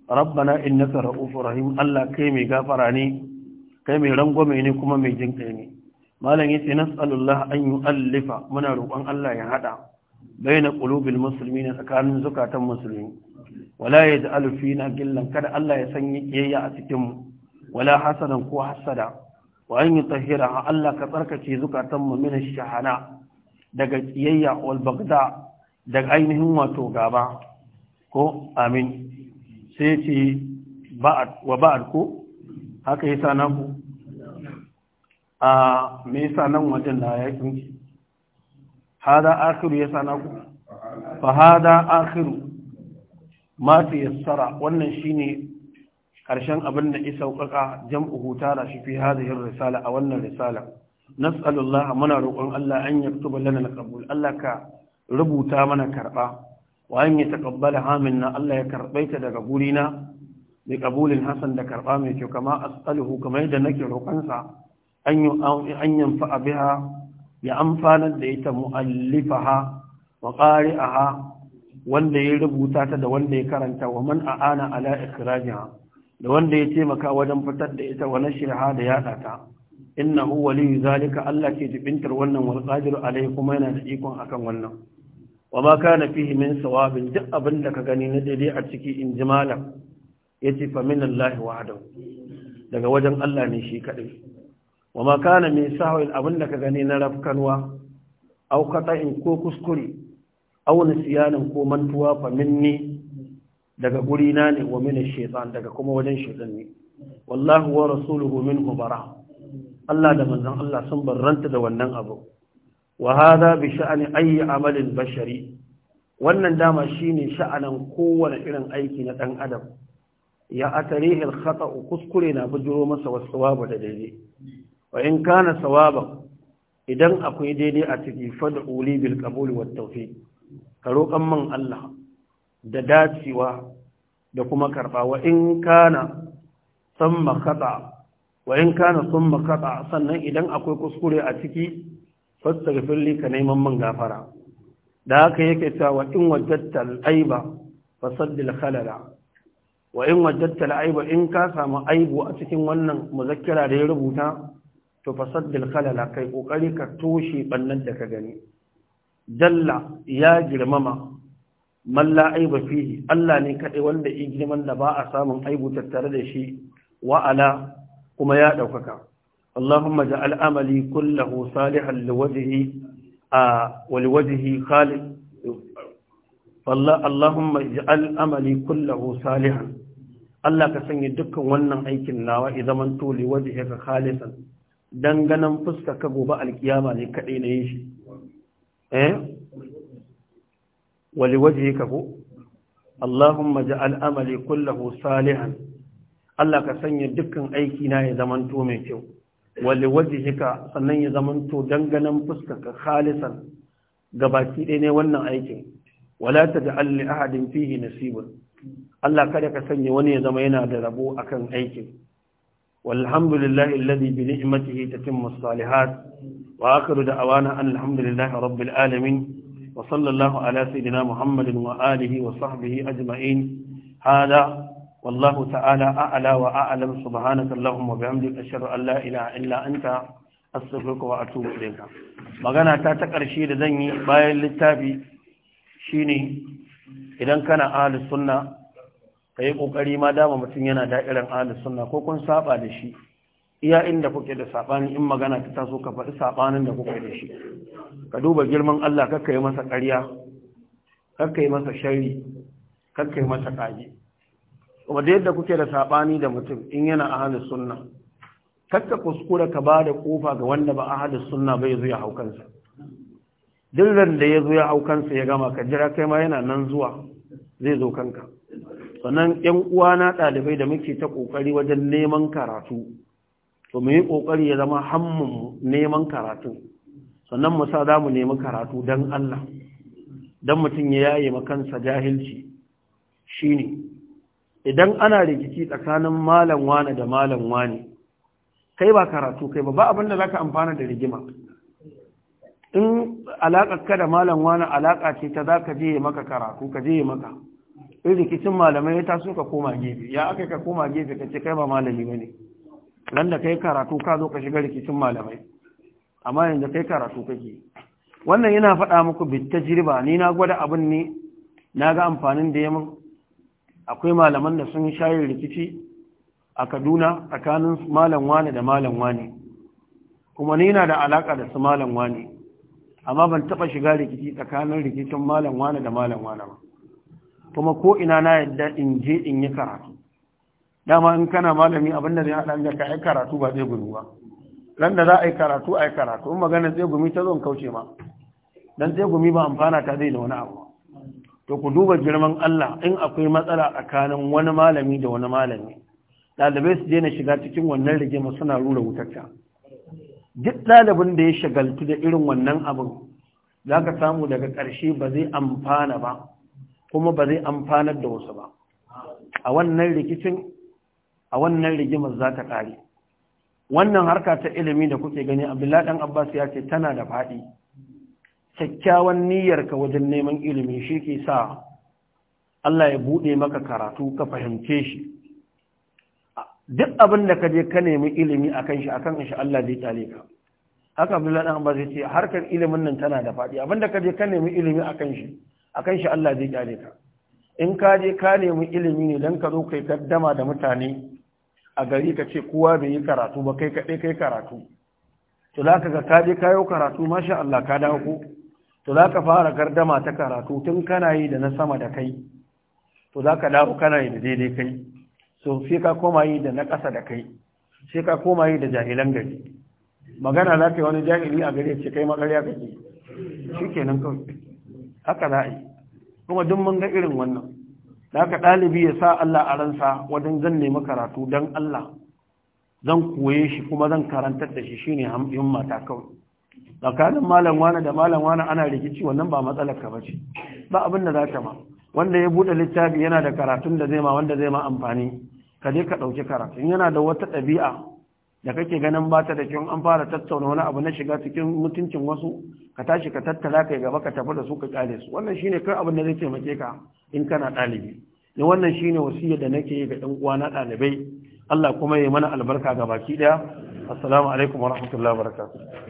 rabbana innaka ra'ufur rahim Allah kai mai gafara ne kai mai rangwame ne kuma mai jin kai ne malam yace nas'alullah an yu'allifa muna roƙon Allah ya hada baina qulubil muslimin tsakanin zukatan musulmi wala yaj'al fina gillan kada Allah ya sanya kiyayya a cikin mu wala hasadan ko hasada wa an yutahhira Allah ka tsarkake zukatan mu min shahana daga kiyayya wal bagda daga ainihin wato gaba ko amin sai ce wa ba'ad ko haka yi nan ku a me yasa nan wajen da ya kinki hada akiru ya nan ku fa hada akhiru ma tsara. wannan shi ne ƙarshen abin da isa ukaka jam'u da shi fi yin risala a wannan risala nas'alullah muna roƙon Allah an yaktuba lana na qabul Allah ka rubuta mana karɓa. wa an yataqabbalaha minna Allah ya karbaita daga gurina bi qabulin Hassan da karba mai kyau kama as'aluhu kamar yadda nake roƙansa an yi an yanfa ya amfanar da ita mu'allifaha wa qari'aha wanda ya rubuta ta da wanda ya karanta wa man a'ana ala ikrajiha da wanda ya taimaka wajen fitar da ita wa na nashirha da yaɗa ta innahu waliyyu zalika Allah ke jibintar wannan wal qadiru alai kuma yana da ikon akan wannan wa ma kana fihi min sawabin duk abin da ka gani na daidai a ciki in ji malam yace fa min Allah wahdahu daga wajen Allah ne shi kadai wa ma kana min sahwil abin da ka gani na rafkanwa aw kaɗain ko kuskure aw siyanin ko mantuwa fa minni daga guri ne wa min shaytan daga kuma wajen shaytan ne wallahu wa rasuluhu minhu bara Allah da manzon Allah sun barranta da wannan abu wa hada bi sha'ani ayi amalin bashari wannan dama shine sha'anan kowane irin aiki na ɗan adam ya atarihi al-khata kuskure na bujuro masa Sawaba da daidai wa in kana sawaban idan akwai daidai a ciki fada uli bil qabul wat tawfiq ka man Allah da dacewa da kuma karɓa. wa in kana thumma khata wa in kana sannan idan akwai kuskure a ciki fastaghfir ka neman man gafara da haka yake cewa wa in wajadta al-aiba fasaddil khalala wa in wajadta al-aiba in ka samu aibu a cikin wannan muzakkira da ya rubuta to fasaddil khalala kai kokari ka toshe bannan da ka gani dalla ya girmama man la aiba fihi Allah ne kadai wanda ya girman da ba a samun aibu tattare da shi wa ala kuma ya daukaka اللهم اجعل عملي كله صالحا لوجهه آه ولوجهه خالق اللهم اجعل عملي كله صالحا Allah ka sanya dukkan wannan aikin nawa ya zaman to li wajhika khalisan fuska ka gobe alkiyama ne kadai na yin shi eh wali wajhika ko Allahumma ja'al amali kullahu salihan Allah ka sanya dukkan aiki na ya zaman mai kyau wali wajihika sannan ya zamanto danganan fuskarka khalisan ga baki ɗaya ne wannan aikin wala da alli ahadin fihi nasibun Allah kada ka sanya wani ya zama yana da rabo akan aikin walhamdulillahi alladhi bi ni'matihi tatimmu as-salihat wa akhiru da'wana alhamdulillahi rabbil alamin wa sallallahu ala sayidina muhammadin wa alihi wa sahbihi ajma'in hada والله تعالى أعلى وأعلم سبحانك اللهم وبحمدك أشهد أن لا إله إلا أنت أستغفرك وأتوب إليك magana ta ta ƙarshe da zan yi bayan littafi shine idan kana ahlus sunna ka yi ƙoƙari ma dama mutum yana da'irin ahli sunna ko kun saba da shi iya inda kuke da saɓani in magana ta taso ka faɗi saɓanin da kuke da shi ka duba girman Allah kakka yi masa ƙarya kakka masa shari kakka masa ƙage kuma yadda kuke da saɓani da mutum in yana ahalin sunna kakka kuskura ka ba da ƙofa ga wanda ba ahalin sunna bai zo ya hau dillan da ya zo ya ya gama ka jira kai ma yana nan zuwa zai zo kanka sannan yan uwana ɗalibai da muke ta ƙoƙari wajen neman karatu to mu yi ƙoƙari ya zama hammun neman karatu sannan mu sa za mu nemi karatu don Allah don mutum ya yaye makansa jahilci shine idan ana rikici tsakanin malam wane da malam wane kai ba karatu kai ba ba abin da zaka amfana da rigima in alaƙar ka da malam wane alaƙa ce ta zaka je maka karatu ka je maka in rikicin malamai ya taso ka koma gefe ya aka ka koma gefe ka ce kai ba malami bane nan da kai karatu ka zo ka shiga rikicin malamai amma yanzu kai karatu kake wannan yana faɗa muku bit tajriba ni na gwada abin ne na ga amfanin da ya mun akwai malaman da sun shayin rikici a kaduna tsakanin malam wane da malam wane kuma ni na da alaka da su malam wane amma ban taba shiga rikici tsakanin rikicin malam wane da malam wane ba kuma ko ina na yadda in je in yi karatu dama in kana malami abinda zai haɗa da ka yi karatu ba zai gudu ba ran da za a yi karatu a yi karatu in magana zai gumi ta zo kauce ma dan zai gumi ba amfana ta zai da wani abu to ku duba girman Allah in akwai matsala tsakanin wani malami da wani malami ɗalibai su daina shiga cikin wannan rigima suna rura wutacca. duk ɗalibin da ya shagaltu da irin wannan abin za ka samu daga ƙarshe ba zai amfana ba kuma ba zai amfanar da wasu ba a wannan rikicin a wannan za ta ƙare wannan harka ta ilimi da kuke gani abdullahi ɗan abbas ya ce tana da faɗi kyakkyawan niyyarka wajen neman ilimi shi ke sa Allah ya buɗe maka karatu ka fahimce shi duk abin da ka je ka nemi ilimi a kan shi a kan shi Allah zai tsale ka haka abdullahi ɗan ba zai ce harkar ilimin nan tana da faɗi abin da ka je ka nemi ilimi a kan shi a kan shi Allah zai tsale ka in ka je ka nemi ilimi ne don ka zo kai gaddama da mutane a gari ka ce kowa bai yi karatu ba kai kaɗai kai karatu to za ka ga ka je kayo karatu masha Allah ka dawo ko to za ka fara gardama ta karatu tun kana yi da na sama da kai to za ka dawo kana yi da daidai kai so sai ka koma yi da na ƙasa da kai sai ka koma yi da jahilan gari magana za ka yi wani jahili a gari ce kai makarya kake shi ke nan kawai haka za a yi kuma duk mun ga irin wannan da ka ɗalibi ya sa Allah a ransa wajen zan nemi karatu don Allah zan koye shi kuma zan karantar da shi shine hamɗin mata kawai tsakanin malam wane da malam wane ana rikici wannan ba matsalar ka bace ba abin da zaka ma wanda ya bude littafi yana da karatun da zai ma wanda zai ma amfani ka je ka dauki karatun yana da wata dabi'a da kake ganin ba ta da kyau an fara tattauna wani abu na shiga cikin mutuncin wasu ka tashi ka tattala kai gaba ka tafi da su ka kyale su wannan shine kai abin da zai taimake ka in kana dalibi ne wannan shine wasiyar da nake yi ga ɗan na ɗalibai Allah kuma ya yi mana albarka ga baki ɗaya assalamu alaikum wa wabarakatuh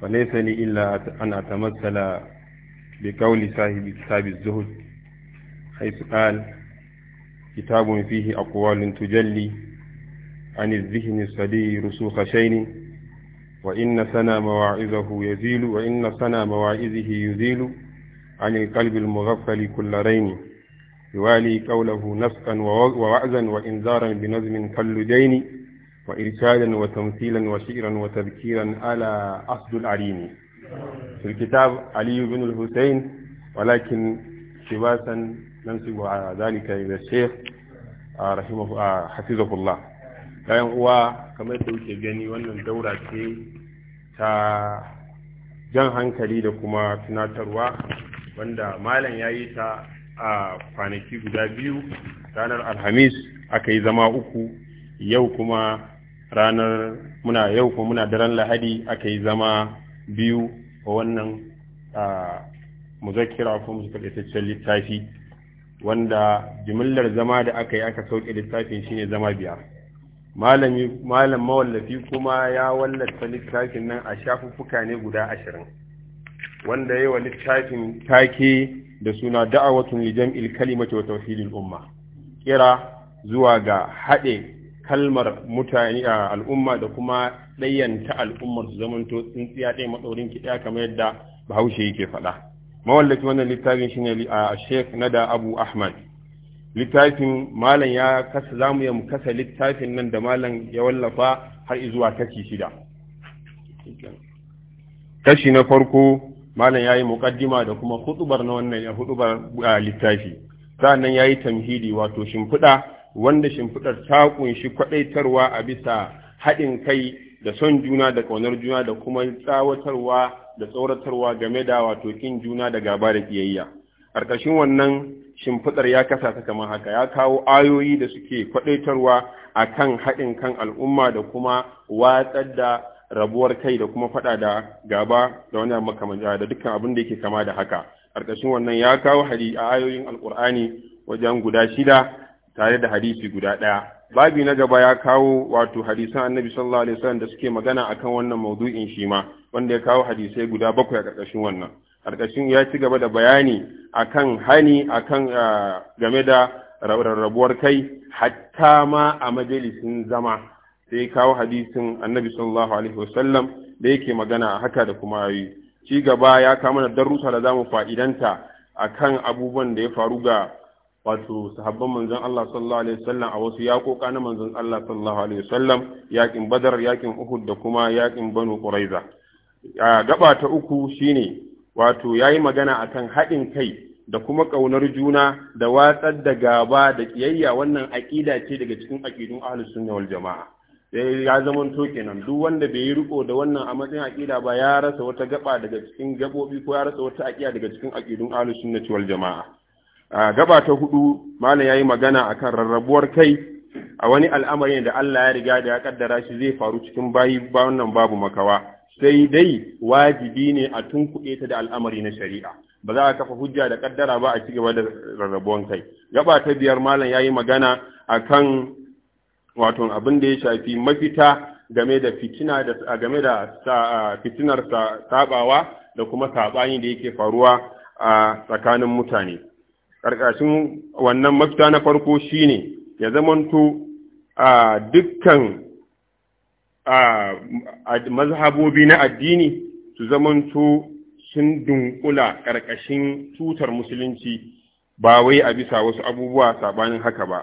فليس لي إلا أن أتمثل بقول صاحب كتاب الزهد حيث قال كتاب فيه أقوال تجلي عن الذهن السدي رسوخ شين وإن سنا مواعظه يزيل وإن سنا مواعظه يزيل عن القلب المغفل كل رين يوالي قوله نسقا ووعزا وإنذارا بنظم كاللدين وإرشادا وتمثيلا وشعرا وتذكيرا على أصد العريمي في الكتاب علي بن الحسين ولكن شباسا ننسب على ذلك إلى الشيخ رحمه حفظه الله bayan uwa kamar da kuke gani wannan daura ce ta jan hankali da kuma tunatarwa wanda malam ya yi ta a kwanaki guda biyu ranar alhamis aka yi zama uku yau kuma ranar muna yau ko muna daren lahadi aka yi zama biyu a wannan muzakira ko musakaitaccen littafi wanda jimillar zama da aka yi aka sauke littafin shine zama biyar malam mawallafi kuma ya wallafa littafin nan a shafuffuka ne guda ashirin wanda ya wa littafin take da suna da'awatun li jam'il mace wa tauhidil umma kira zuwa ga haɗe kalmar mutane a al'umma da kuma ɗayyanta al'ummar su zamanto tsintsiya ɗaya matsaurin kiɗa kamar yadda bahaushe yake faɗa mawallaki wannan littafin shine a sheikh nada abu ahmad littafin malam ya kasa za mu yamu kasa littafin nan da malam ya wallafa har zuwa kashi shida kashi na farko malam ya yi muƙaddima da kuma hudubar na wannan hudubar littafi sa'annan ya yi tamhidi wato shimfiɗa wanda shimfiɗar ta kunshi kwaɗaitarwa a bisa haɗin kai da son juna da ƙaunar juna da kuma tsawatarwa da tsoratarwa game da wato kin juna da gaba da kiyayya ƙarƙashin wannan shimfiɗar ya kasa ta kamar haka ya kawo ayoyi da suke kwaɗaitarwa a kan haɗin kan al'umma da kuma watsar da rabuwar kai da kuma faɗa da gaba da wani makamanta da dukkan abin da yake kama da haka ƙarƙashin wannan ya kawo hari a ayoyin alƙur'ani wajen guda shida tare da hadisi guda ɗaya babi na gaba ya kawo wato hadisan annabi sallallahu alaihi wasallam da suke magana akan wannan maudu'in shi ma wanda ya kawo hadisai guda bakwai a ƙarƙashin wannan ƙarƙashin ya ci gaba da bayani akan hani akan game da rarrabuwar kai hatta ma a majalisin zama sai ya kawo hadisin annabi sallallahu alaihi wasallam da yake magana a haka da kuma yi ci gaba ya kawo mana darussa da zamu fa'idanta akan abubuwan da ya faru ga wato sahabban manzon Allah sallallahu alaihi wasallam a wasu yakoka na manzon Allah sallallahu alaihi wasallam yaƙin Badar yakin Uhud da kuma yakin Banu Quraiza gaba ta uku shine wato yayi magana akan haɗin kai da kuma ƙaunar juna da watsar da gaba da ƙiyayya wannan aƙida ce daga cikin aƙidun ahlus sunna wal jama'a eh, ya zaman to kenan duk wanda bai yi riko da wannan a matsayin aƙida ba ya rasa wata gaba daga cikin gabobi ko ya rasa wata aƙida daga cikin aƙidun ahlus sunna wal jama'a a gaba ta hudu malam yayi magana akan rarrabuwar kai a wani al'amari da Allah ya riga da ya kaddara shi zai faru cikin bayi ba wannan babu makawa sai dai wajibi ne a tunkuɗe ta da al'amari na shari'a ba za a kafa hujja da kaddara ba a cigaba da rarrabuwar kai gaba ta biyar malam yayi magana akan wato abin da ya shafi mafita game da fitina da game da fitinar sabawa da kuma sabani da yake faruwa a tsakanin mutane ƙarƙashin wannan mafita na farko shine ya zamanto a dukkan mazhabobi na addini su zamanto sun dunkula ƙarƙashin tutar musulunci ba wai a bisa wasu abubuwa sabanin haka ba.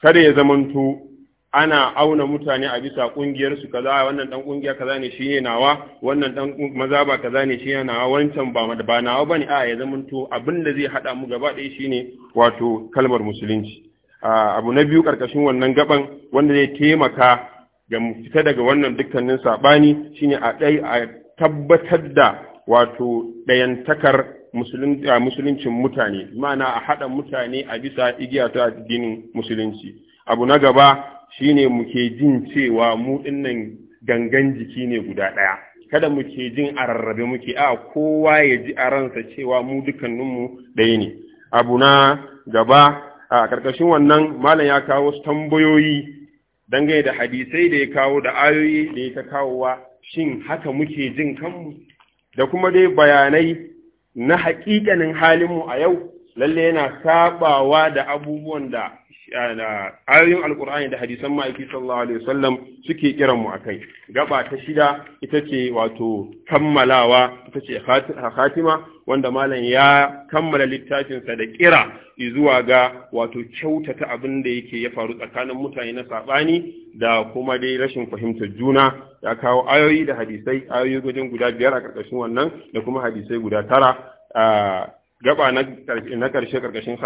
Kada ya zamanto ana auna mutane a bisa kungiyar su kaza wannan dan kungiya kaza ne shi ne nawa wannan dan maza ba kaza ne shi ne nawa wancan ba ba nawa bane a ya zamanto abin da zai hada mu gaba ɗaya shine wato kalmar musulunci abu na biyu karkashin wannan gaban wanda zai taimaka ga mu fita daga wannan dukkanin sabani shine a dai a tabbatar da wato dayantakar musuluncin mutane ma'ana a hada mutane a bisa igiya ta addinin musulunci abu na gaba shi ne muke jin cewa mu dinnan gangan jiki ne guda ɗaya kada muke jin a rarrabe muke a kowa ya ji a ransa cewa mu dukkaninmu ɗaya ne abu na gaba a ƙarƙashin wannan malam ya kawo su tambayoyi dangane da hadisai da ya kawo da ayoyi da ya ta kawowa shin haka muke jin kanmu da kuma dai bayanai na haƙiƙanin halinmu a yau lalle yana sabawa da abubuwan da ayoyin alkur'ani da hadisan ma'aiki sallallahu alaihi wasallam suke kiran mu akai gaba ta shida ita ce wato kammalawa ita ce khatima wanda malam ya kammala littafinsa da kira zuwa ga wato kyautata abin da yake ya faru tsakanin mutane na sabani da kuma dai rashin fahimtar juna ya kawo ayoyi da hadisai ayoyi wajen guda biyar a karkashin wannan da kuma hadisai guda tara gaba na ƙarshe ƙarƙashin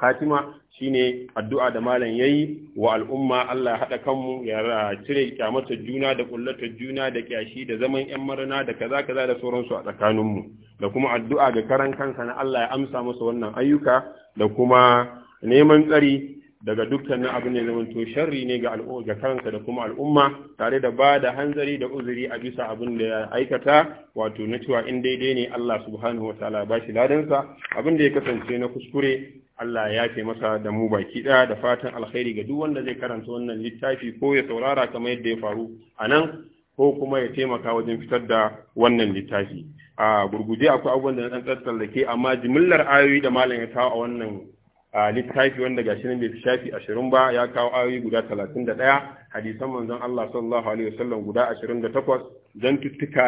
Fatima shine addu'a da malam yayi wa al'umma Allah ya haɗa kanmu ya cire kyamatar juna da ƙullata juna da ƙyashi da zaman ‘yan marana da kaza kaza da sauransu a tsakaninmu da kuma addu'a ga karan kansa na Allah ya amsa masa wannan ayyuka da kuma neman tsari daga dukkanin abin da zamanto sharri ne ga ga karanta da kuma al'umma tare da ba da hanzari da uzuri a bisa abin da ya aikata wato na cewa in daidai ne Allah subhanahu wa ta'ala ba shi ladansa abin da ya kasance na kuskure Allah ya ce masa da mu baki ɗaya da fatan alkhairi ga duk wanda zai karanta wannan littafi ko ya saurara kamar yadda ya faru a nan ko kuma ya taimaka wajen fitar da wannan littafi a gurguje akwai abubuwan da na ɗan amma jimillar ayoyi da malam ya kawo a wannan a littafi wanda gashi nan bai fi shafi ashirin ba ya kawo ayoyi guda talatin da ɗaya hadisan manzon Allah sallallahu alaihi wasallam guda ashirin da takwas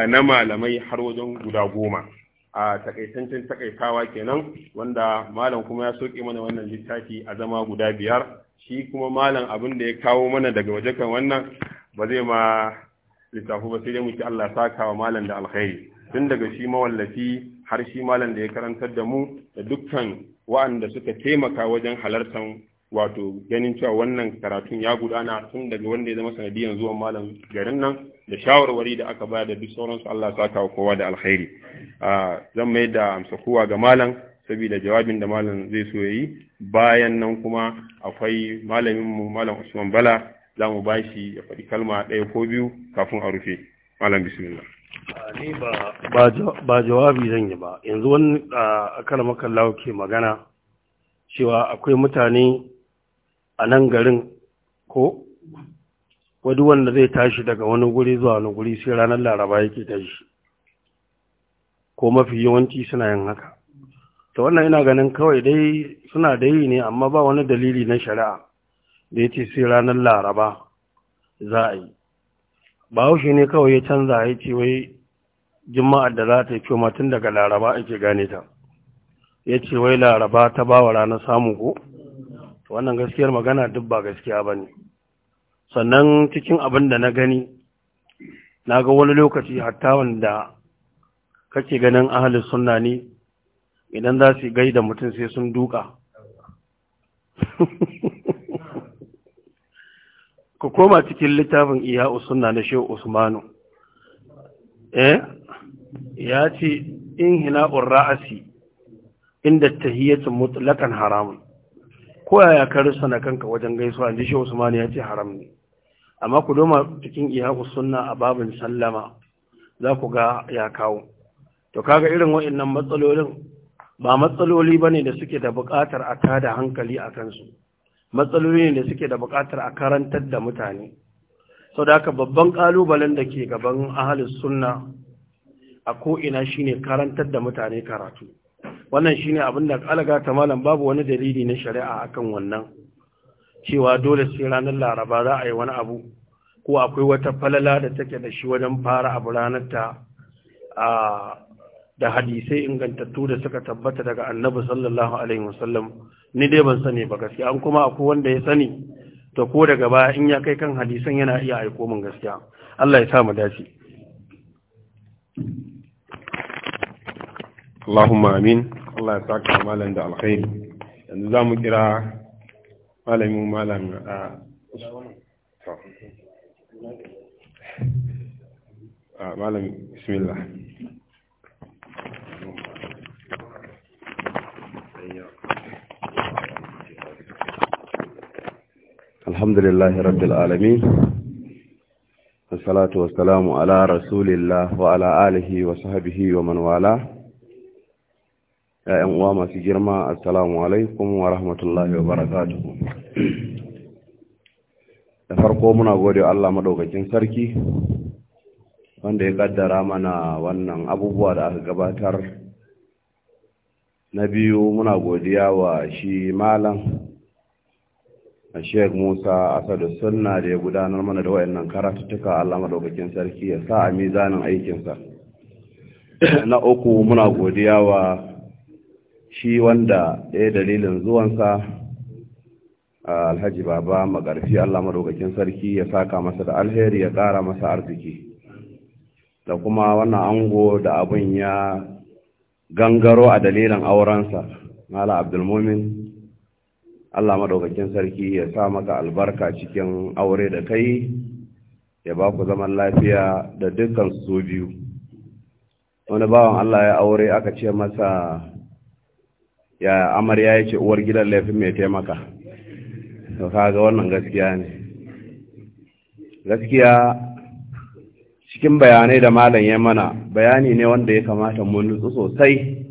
na malamai har wajen guda goma a takaitancin takaitawa kenan wanda malam kuma ya soke mana wannan littafi a zama guda biyar shi kuma malam abin da ya kawo mana daga waje kan wannan ba zai ma littafi ba sai dai muke Allah saka wa malam da alkhairi tun daga shi mawallafi har shi malam da ya karantar da mu da dukkan wa'anda suka taimaka wajen halartar wato ganin cewa wannan karatun ya gudana tun daga wanda ya zama sanadiyan zuwa malam garin nan da shawarwari da aka bayar da duk sauransu Allah ya saka kowa da alkhairi zan mai da amsa kowa ga malam saboda jawabin da malam zai so yayi bayan nan kuma akwai malamin mu malam Usman Bala za mu bashi ya faɗi kalma ɗaya ko biyu kafin a rufe malam bismillah ni ba jawabi zan yi ba yanzu wani a kalmakan kalla ke magana cewa akwai mutane a nan garin ko wadu wanda zai tashi daga wani guri zuwa wani guri sai ranar laraba yake tashi ko mafi yawanci suna yin haka ta wannan ina ganin kawai dai suna da yi ne amma ba wani dalili na shari'a da ya ce sai ranar laraba za a yi bahaushe ne kawai ya canza ya ce wai juma'ar da za ta yi kyoma tun daga laraba ake gane ta ya ce wai laraba ta bawa ranar samu ko wannan gaskiyar magana duk ba gaskiya ba ne sannan cikin abin da na gani na ga wani lokaci hatta wanda kake ganin ahalin sunna ne idan za su gaida mutum sai sun duka ku koma cikin littafin iya usunna na shehu usmanu eh ya ce in hina'ur ra'asi inda tahiyyatu mutlaqan haramun ko yaya ka na kanka wajen gaisuwa inda shehu usmanu ya ce haram ne amma ku doma cikin iya usunna a babin sallama za ku ga ya kawo to kaga irin waɗannan matsalolin ba matsaloli bane da suke da buƙatar a tada hankali a kansu matsaloli ne da suke da buƙatar a karantar da mutane sau da babban ƙalubalen da ke gaban ahalin sunna a ko'ina shine karantar da mutane karatu wannan shine abin da alaga ta malam babu wani dalili na shari'a akan wannan cewa dole sai ranar laraba za a yi wani abu ko akwai wata falala da take da shi wajen fara abu ranar ta da hadisai ingantattu da suka tabbata daga annabi sallallahu alaihi wasallam ni dai ban sani ba gaskiya an kuma akwai wanda ya sani to ko daga baya in ya kai kan hadisan yana iya aiko min gaskiya Allah ya sa mu dace Allahumma amin Allah ya saka malan da alkhairi yanzu za mu kira malamin malam a ah, ah, malam bismillah الحمد لله رب العالمين والصلاة والسلام على رسول الله وعلى wa وصحبه ومن والاه ‘Ya'yan uwa masu girma, Assalamu alaikum wa rahmatullahi wa barakatuhu. Da farko muna gode Allah maɗaukakin sarki, wanda ya ƙaddara mana wannan abubuwa da aka gabatar. Na biyu muna godiya wa shi malam sheik Musa Asadu Sunna da ya gudanar mana da wayannan karatuttuka Allah madaukakin sarki ya sa a mizanin aikinsa. Na uku muna godiya wa shi wanda ya dalilin zuwansa Alhaji Baba Magarfi Allah madaukakin sarki ya saka masa da alheri ya kara masa arziki. Da kuma wannan ango da abin ya gangaro a dalilin aurensa, Mala Abdulmumin Allah madaukakin sarki ya sa maka albarka cikin aure da kai ya ba ku zaman lafiya da dukkan su biyu wani bawan Allah ya aure aka ce masa ya amarya ya ce uwar gidan laifin mai taimaka to kaga wannan gaskiya ne gaskiya cikin bayanai da malam ya mana bayani ne wanda ya kamata mu nutsu sosai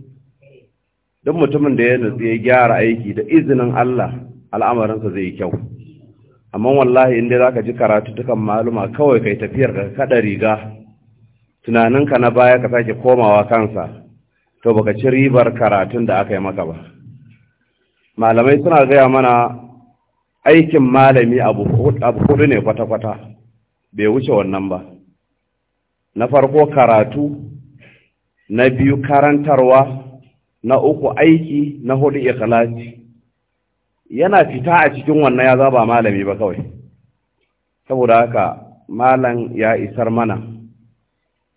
don mutumin da ya nutsu ya gyara aiki da izinin Allah al'amarinsa zai yi kyau amma wallahi inda za ka ji karatu dukan maluma kawai kai tafiyar da kada riga tunaninka na baya ka sake komawa kansa to baka ci ribar karatun da aka yi maka ba malamai suna gaya mana aikin malami abu hudu ne kwata-kwata bai wuce wannan ba na farko karatu na biyu karantarwa na uku aiki na hudu ikhlasi yana fita a cikin wannan ya zaba malami ba kawai saboda haka malam ya isar mana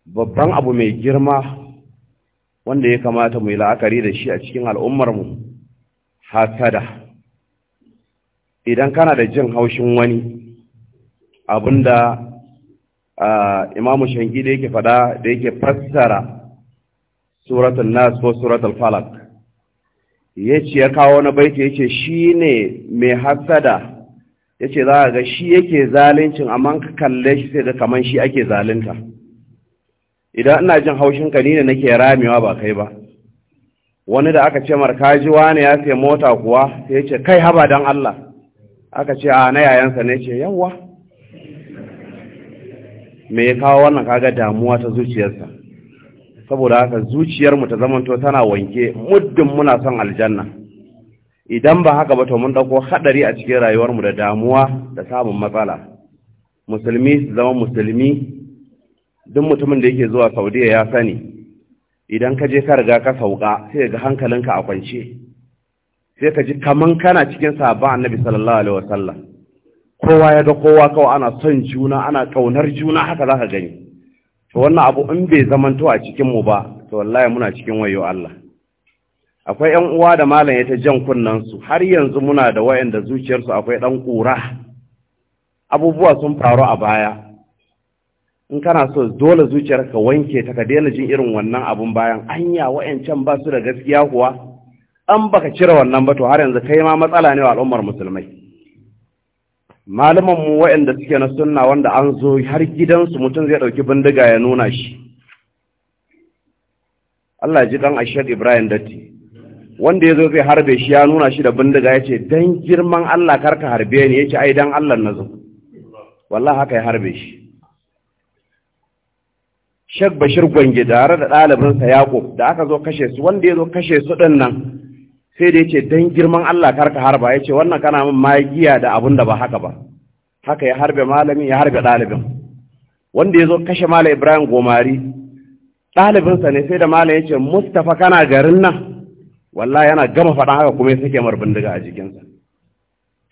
babban abu mai girma wanda ya kamata mu yi la'akari da shi a cikin al'ummarmu hasada idan kana da jin haushin wani abinda imamu Shangi da ah, yake fada da yake fassara suratul nas ko suratul falak yace ya kawo na baiti yace shine mai hasada yace za ga shi yake zaluncin amma ka kalle shi sai da kaman shi ake zalunta idan ina jin haushin ka ni ne nake ramewa ba kai ba wani da aka ce markajiwa ne ya sai mota kuwa sai yace kai haba dan Allah aka ce a na yayansa ne ce yawa me ya kawo wannan kaga damuwa ta zuciyarsa saboda haka zuciyarmu ta zamanto tana wanke muddin muna son aljanna idan ba haka ba to mun dauko hadari a cikin rayuwarmu da damuwa da samun matsala musulmi zama musulmi duk mutumin da yake zuwa saudiya ya sani idan ka je ka riga ka sauka sai ga hankalinka a kwance sai ka ji kaman kana cikin sabon annabi sallallahu alaihi wasallam kowa ya ga kowa kawai ana son juna ana kaunar juna haka za ka gani to wannan abu in bai zamanto a cikin mu ba to wallahi muna cikin wayo Allah akwai ƴan uwa da malam ya ta jan kunnan su har yanzu muna da wayanda su akwai ɗan kura abubuwa sun faru a baya in kana so dole zuciyar ka wanke ta ka daina jin irin wannan abun bayan anya wayancan ba su da gaskiya kuwa an baka cire wannan ba to har yanzu kai ma matsala ne wa al'ummar musulmai malaman mu waɗanda suke na sunna wanda an zo har gidansu mutum zai ɗauki bindiga ya nuna shi Allah ji dan Ashad Ibrahim Datti wanda ya zo zai harbe shi ya nuna shi da bindiga yace ce don girman Allah karka harbe ni ya ai don Allah na wallahi haka ya harbe shi Sheikh Bashir Gwange tare da ɗalibinsa Yakub da aka zo kashe su wanda ya kashe su ɗin nan sai da yace dan girman Allah kar karka harba yace wannan kana min magiya da abun da ba haka ba haka ya harbe malami ya harbe ɗalibin wanda ya zo kashe malam Ibrahim Gomari ɗalibinsa ne sai da malam yace Mustafa kana garin nan wallahi yana gama faɗan haka kuma ya ke mar bindiga a jikinsa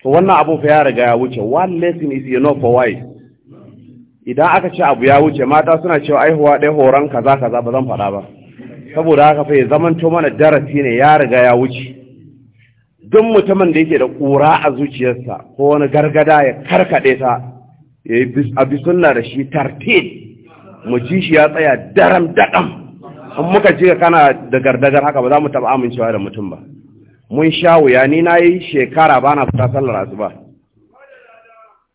to wannan abu fa ya riga ya wuce one lesson is enough for why idan aka ce abu ya wuce mata suna cewa ai huwa ɗaya horon kaza kaza ba zan faɗa ba saboda haka fa ya zamanto mana darasi ne ya riga ya wuce duk mutumin da yake da ƙura a zuciyarsa ko wani gargada ya karkaɗe ta ya yi sunna da shi tartil mu ji shi ya tsaya daram daɗam in muka ji kana da gardagar haka ba za mu taɓa amincewa da mutum ba mun sha wuya ni na yi shekara bana na fita sallar asuba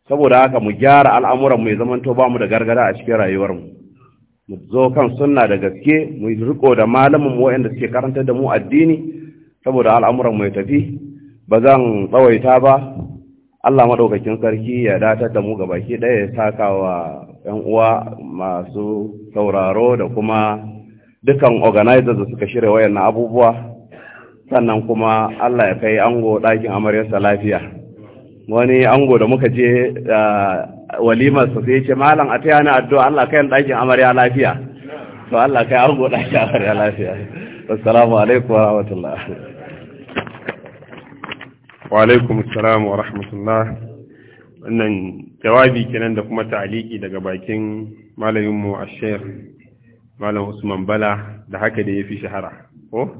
saboda haka mu gyara al'amuran mu ya zamanto ba mu da gargada a cikin rayuwarmu mu zo kan sunna da gaske mu riko da malamin mu waɗanda suke karantar da mu addini saboda al'amuran mu ya tafi ba zan tsawaita ba Allah madaukakin sarki ya datar da mu ga baki ɗaya ya saka wa ‘yan uwa masu sauraro da kuma dukan organizers da suka shirya wayannan abubuwa sannan kuma Allah ya kai ango ɗakin amaryarsa lafiya wani ango da muka je ah, walimar su sai ce malam a taya na addu'a Allah kai ɗakin amarya lafiya to Allah kai an goda shi amarya lafiya assalamu alaikum wa rahmatullah wa alaikum assalam wa rahmatullah wannan jawabi kenan da kuma ta'aliki daga bakin malamin mu shayar malam Usman Bala da haka da yafi shahara ko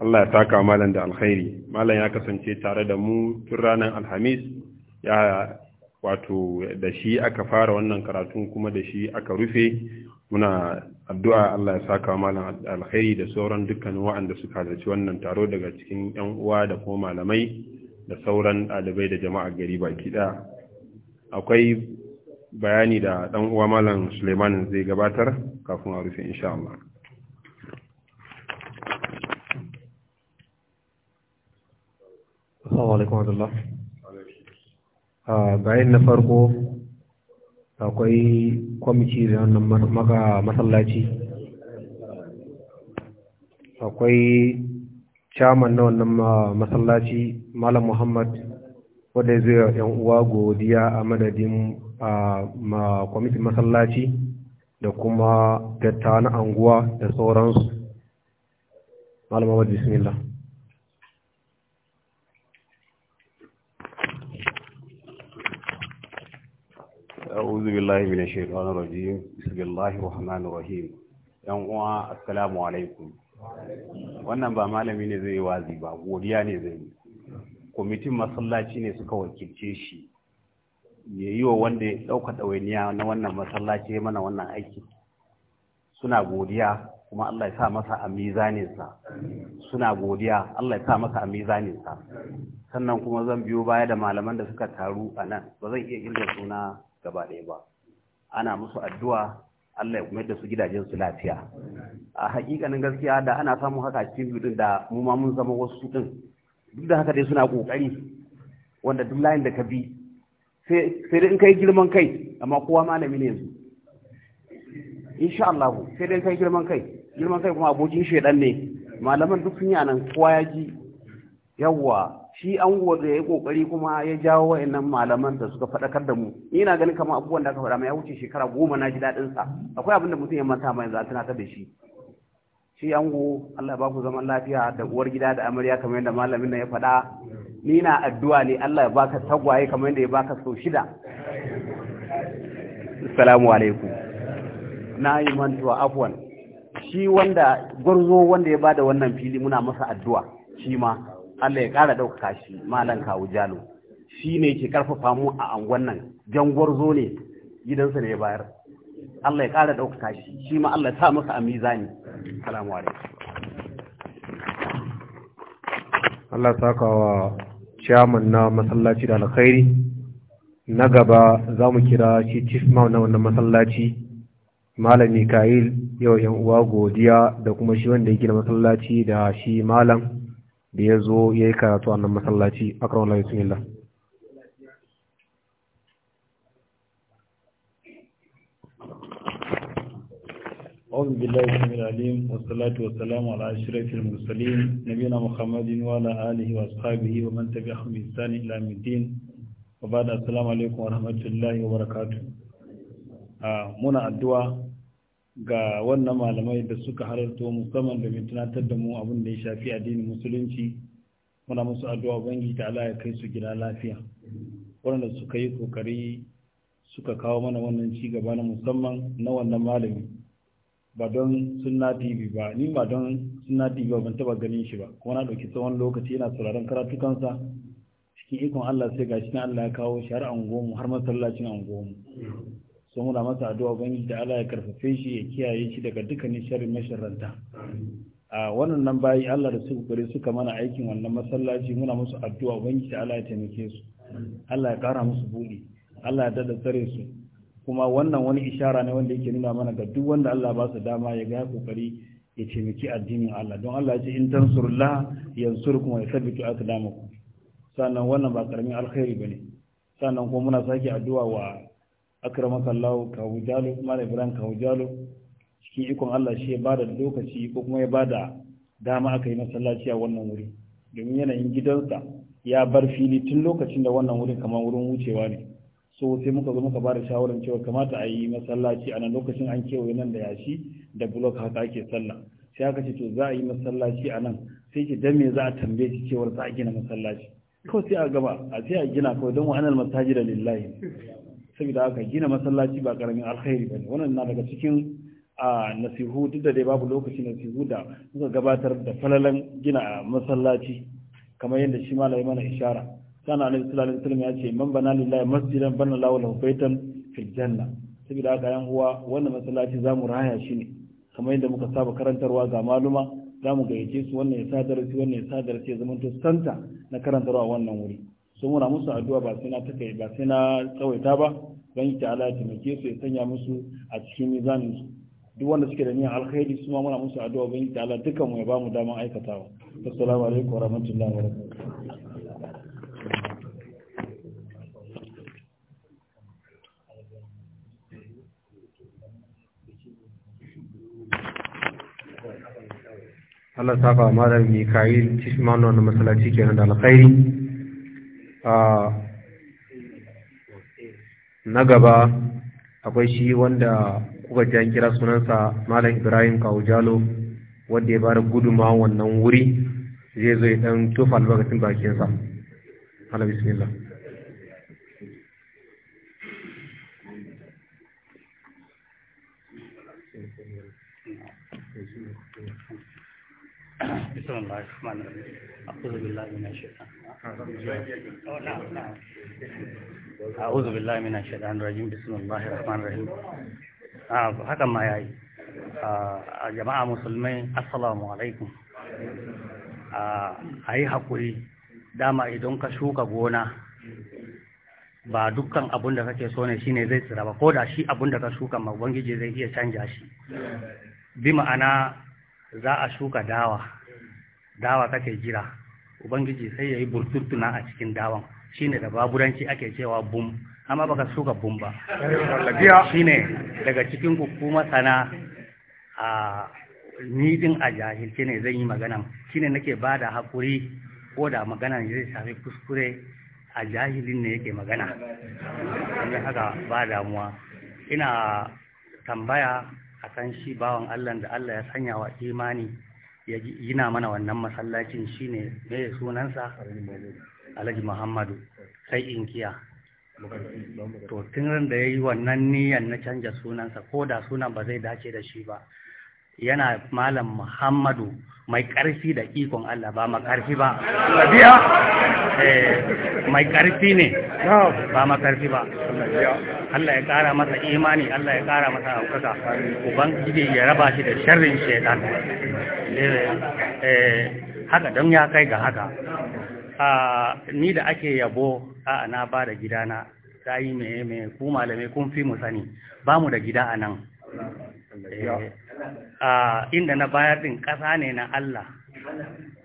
Allah ya taka malam da alkhairi malam ya kasance tare da mu tun ranar alhamis ya wato da shi aka fara wannan karatun kuma da shi aka rufe muna addu'a Allah ya saka malam alkhairi da sauran dukkanin wa'anda suka halarci wannan taro daga cikin ‘yan uwa da kuma malamai da sauran ɗalibai da jama'a gari baki ɗaya. Akwai bayani da ɗan uwa malam Suleiman zai gabatar kafin a rufe insha Allah. Assalamu alaikum bayan na farko akwai kwamiti da wannan maka masallaci akwai chairman na wannan masallaci malam muhammad wadda zai yan uwa godiya a madadin kwamitin masallaci da kuma dattawa na anguwa da sauransu malam muhammad bismillah أعوذ بالله من الشيطان الرجيم بسم الله الرحمن الرحيم ‘yan uwa assalamu alaikum wannan ba malami ne zai wazi ba godiya ne zai yi kwamitin masallaci ne suka wakilce shi ya yi wa wanda ya ɗauka ɗawainiya na wannan masallaci mana wannan aiki suna godiya kuma Allah ya sa masa a sa suna godiya Allah ya sa masa a sa sannan kuma zan biyo baya da malaman da suka taru a nan ba zan iya kirga suna gaba ɗaya ba ana musu addu'a Allah ya kuma da su gidajen su lafiya a hakikanin gaskiya da ana samun haka cikin biyu da mu ma mun zama wasu din duk da haka dai suna kokari wanda duk layin da ka bi sai dai in kai girman kai amma kowa malami ne yanzu insha Allah sai dai in kai girman kai girman kai kuma abokin shedan ne malaman duk sun yi anan kowa ya ji yawwa shi an da ya yi kokari kuma ya jawo wayannan malaman da suka faɗakar da mu na ganin kamar abubuwan da aka faɗa mai ya wuce shekara goma na ji daɗin akwai abin da mutum ya manta mai za tunatar da shi shi ango Allah ba ku zaman lafiya da uwar gida da amarya kamar yadda malamin nan ya faɗa ni na addu'a ne Allah ya baka tagwaye kamar yadda ya baka sau shida assalamu alaikum na yi mantuwa afwan shi wanda gwarzo wanda ya bada wannan fili muna masa addu'a shi ma Allah ya ƙara ɗaukaka shi malam kawu jalo shi ne ke ƙarfafa mu a angon nan zo ne gidansa ne ya bayar Allah ya ƙara ɗaukaka shi shi ma Allah ta masa a mizani salamu alaikum Allah saka wa ciyaman na masallaci da alkhairi na gaba za mu kira shi chief na wannan masallaci malam Mikail yau yan uwa godiya da kuma shi wanda ya gina masallaci da shi malam da ya zo ya yi karatu a nan masallaci a ƙarar Allah ya sun yalla. Ọzọ bí alim, wasalatu wasalamu ala ashirafi al-Musalim, nabi na Muhammadin wa ala alihi wa sahabihi wa man tafi Ahmed Sani Lamidin, wa ba da assalamu alaikum wa rahmatullahi wa barakatu. Ah, muna addu'a ga wannan malamai da suka halarto musamman domin tunatar da mu abin da ya shafi addinin musulunci muna musu addu'a bangi ta Allah ya kai su gida lafiya waɗanda suka yi kokari suka kawo mana wannan ci gaba na musamman na wannan malami ba don sunna tv ba ni ba don sunna tv ba ban taba ganin shi ba kuma na ɗauki tsawon lokaci yana sauraron karatukansa cikin ikon Allah sai gashi na Allah ya kawo shi har anguwanmu har masallacin anguwanmu sai muna masa addu'a ubangiji da Allah ya karfafe shi ya kiyaye shi daga dukkanin sharrin masharranta a wannan nan bayi Allah da su gure suka mana aikin wannan masallaci muna musu addu'a ubangiji da Allah ya taimake su Allah ya kara musu buɗi Allah ya dada tsare su kuma wannan wani ishara ne wanda yake nuna mana ga duk wanda Allah ba su dama ya ga kokari ya taimaki addinin Allah don Allah ya ce in tansurullah yansurkum wa yuthabbitu aqdamakum sannan wannan ba karamin alkhairi bane sannan kuma muna sake addu'a wa akramaka Allah kawu jalo malam Ibrahim ka jalo cikin ikon Allah shi ya bada lokaci ko kuma ya bada dama aka yi masallaci a wannan wuri domin yanayin gidansa ya bar fili tun lokacin da wannan wurin kamar wurin wucewa ne so sai muka zo muka bada shawarar cewa kamata a yi masallaci a nan lokacin an kewaye nan da yashi da blok haka ake sallah sai aka ce to za a yi masallaci a nan sai ki dan me za a tambaye shi cewa za a gina masallaci kawai sai a gaba a sai a gina kawai don wa'anal masajida lillahi saboda aka gina masallaci ba karamin alkhairi bane wannan na daga cikin a nasihu duk da dai babu lokaci nasihu da muka gabatar da falalan gina masallaci kamar yadda shi malai mana ishara sana annabi sallallahu alaihi wasallam ya ce man bana lillahi masjidan bana lahu lahu baitan fil janna saboda aka yan uwa wannan masallaci zamu raya shi ne kamar yadda muka saba karantarwa ga maluma zamu gayyace su wannan ya sadar wannan ya sadar ya zama to santa na karantarwa wannan wuri so muna musu addu'a ba ba sai na tsawaita ba don ki ta'Ala ya taimake su ya sanya musu a cikin mizanin su duk wanda suke da niyyar alkhairi su ma muna musu addu'a ban ta ala dukan mu ya bamu daman aikatawa assalamu alaikum warahmatullahi wabarakatuh Allah safa malam Mika'il Tishmanu na masallaci kenan da alkhairi ah, na gaba akwai shi wanda kuka ji an kira sunansa malam ibrahim kawujalo wanda ya ba da guduma wannan wuri zai zo ya dan tufa albarkacin bakinsa ala bismillah بسم الله الرحمن الرحيم أعوذ بالله من الشيطان a'udhu billahi minash shaitanir rajim bismillahir ما a jama'a musulmai assalamu alaikum a hakuri dama idan ka shuka gona ba dukkan abun da kake so ne shine zai tsira ba ko da shi abun da ka shuka ma ubangiji zai iya canja shi bi ma'ana za a shuka dawa dawa kake jira ubangiji sai yayi burtuttuna a cikin dawan shine da baburanci ake cewa bum amma baka suka bum ba shine daga cikin kuku masana a ni a jahilci ne zan yi magana shine nake da haƙuri ko da magana zai sami kuskure a jahilin ne yake magana wani haka ba damuwa ina tambaya akan shi bawan Allah da Allah ya sanya wa imani ya mana wannan masallacin shine me sunansa alhaji muhammadu sai inkiya to tun da ya yi wannan niyan na canja sunansa ko da sunan ba zai dace da shi ba yana malam muhammadu mai ƙarfi da ikon Allah ba makarfi ba biya eh, mai ƙarfi ne ba makarfi ba Allah ya ƙara masa imani Allah ya ƙara masa Uban gidi ya raba shi da sharrin shaitan eh, eh, haka don ya kai ga haka ni da ake yabo a na ba da gidana ta yi mai mai ku malamai kun fi mu sani ba mu da gida a nan eh, inda na bayar din ƙasa ne na Allah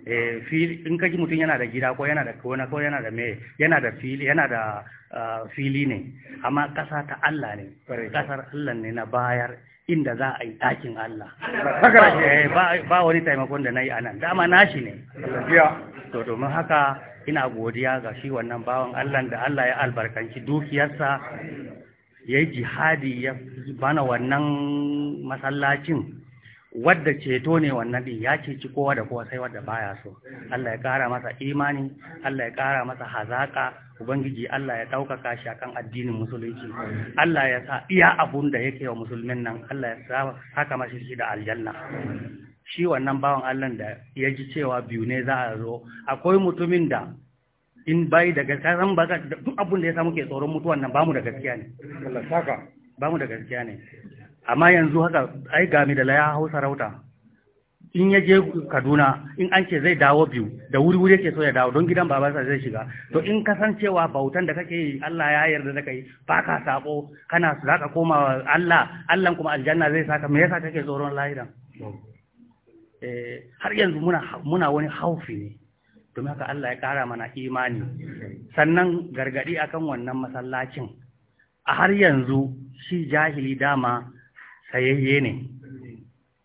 eh, in kaji mutum yana da gida ko yana da kona ko yana da mai yana da fili yana da fili ne amma ƙasa ta Allah ne ƙasar Allah ne na bayar inda za a yi ɗakin Allah eh, ba wani taimakon da na yi a nan dama nashi ne to domin haka ina godiya ga shi wannan bawan Allah da Allah ya albarkanci dukiyarsa ya yi jihadi ya bana wannan masallacin wadda ceto ne wannan din ya ceci kowa da kowa sai wadda baya so Allah ya kara masa imani Allah ya kara masa hazaka ubangiji Allah ya ɗaukaka shi akan addinin musulunci Allah ya sa iya abun da yake wa musulmin nan Allah ya sa haka mashi shi da aljanna shi wannan bawan Allah da ya ji cewa biyu ne za a zo akwai mutumin da in bai da gaskiya san ba duk abin da ya samu ke tsoron mutuwan nan bamu da gaskiya ne bamu da gaskiya ne amma yanzu haka ai gami da laya hau sarauta in ya je Kaduna in an ce zai dawo biyu da wuri wuri yake so ya dawo don gidan sa zai shiga to in kasancewa bautan da kake yi Allah ya yarda da kai ba ka sako, kana zaka koma Allah Allah kuma aljanna zai saka me yasa kake tsoron lahira? Eh, har yanzu muna wani haufi ne domin haka Allah ya ƙara mana imani sannan gargaɗi akan wannan masallacin a har yanzu shi jahili dama sayayye ne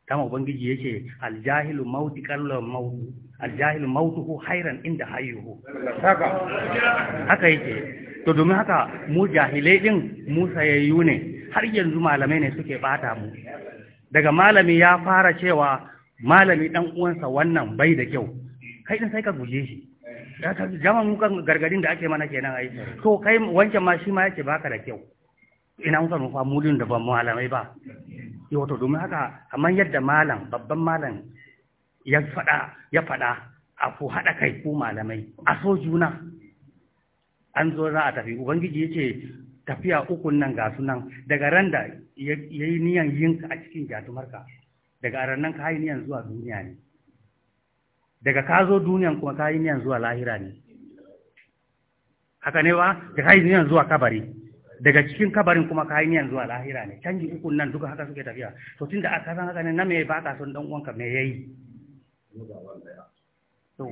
dama ubangiji yake aljahilu mauti kallon mautu aljahilu ko hairan inda hayyuhu haka yake to domin haka mu jahilai ɗin mu sayayyu ne har yanzu malamai ne suke bata mu daga malami ya fara cewa malami dan uwansa wannan bai da kyau kai din sai ka guje shi jama mu kan gargadin da ake mana kenan ai to kai wanke ma shi ma yake baka da kyau ina muka nufa mulin da ban malamai ba yo to domin haka kamar yadda malam babban malam ya fada ya fada a ku haɗa kai ku malamai a so juna an zo za a tafi ubangiji ya tafiya uku nan ga sunan daga randa yayi ya yi niyan yinka a cikin jatumarka daga rannan ka niyan zuwa duniya ne daga ka zo duniyan kuma ka niyan zuwa lahira ne haka ne ba da ka niyan zuwa kabari daga cikin kabarin kuma ka niyan zuwa lahira ne canji uku nan duka haka suke tafiya to tunda aka san haka ne na me ba ka son dan uwanka me yayi to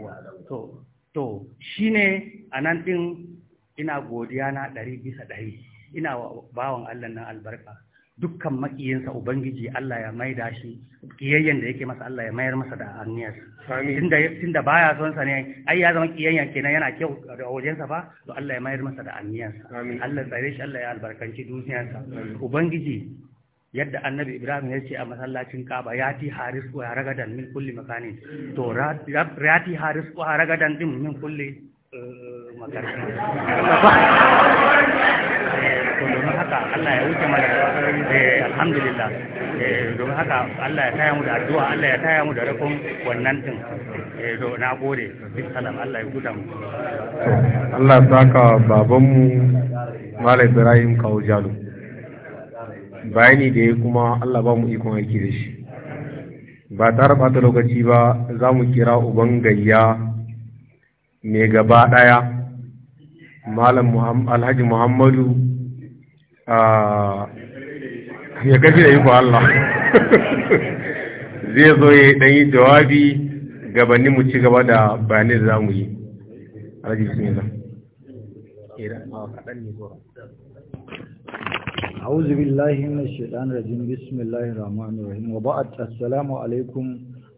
to to shine anan din ina godiya na ɗari bisa ɗari ina bawan Allah nan albarka dukkan makiyinsa ubangiji Allah ya maida shi kiyayyen da yake masa Allah ya mayar masa da aniyar tunda tunda baya son sa ne ai ya zama kiyayyen kenan yana kyau da wajensa ba to Allah ya mayar masa da aniyar Allah tsare shi Allah ya albarkanci duniyarsa ubangiji yadda annabi ibrahim ya ce a masallacin kaba ya ti haris ko ya ragadan min kulli makanin to ya ti haris ko ya ragadan din min kulli eh, makarin haka Allah ya wuce mana eh, alhamdulillah eh, domin haka Allah ya taya mu da addu'a Allah ya taya mu da rakon wannan din eh, na gode bisalam Allah ya guda mu Allah ya saka babanmu Malam Ibrahim Kawo Jalo bayani da ya kuma Allah ba mu ikon aiki da shi ba tare bata lokaci ba za mu kira uban gayya mai gaba ɗaya malam alhaji muhammadu Ah, ya gaji da iko Allah zai zo ya dan yi jawabi gabanin mu ci gaba da bayanai da zamu yi alhaji bismillah أعوذ بالله من الشيطان الرجيم بسم الله الرحمن الرحيم وبعد السلام عليكم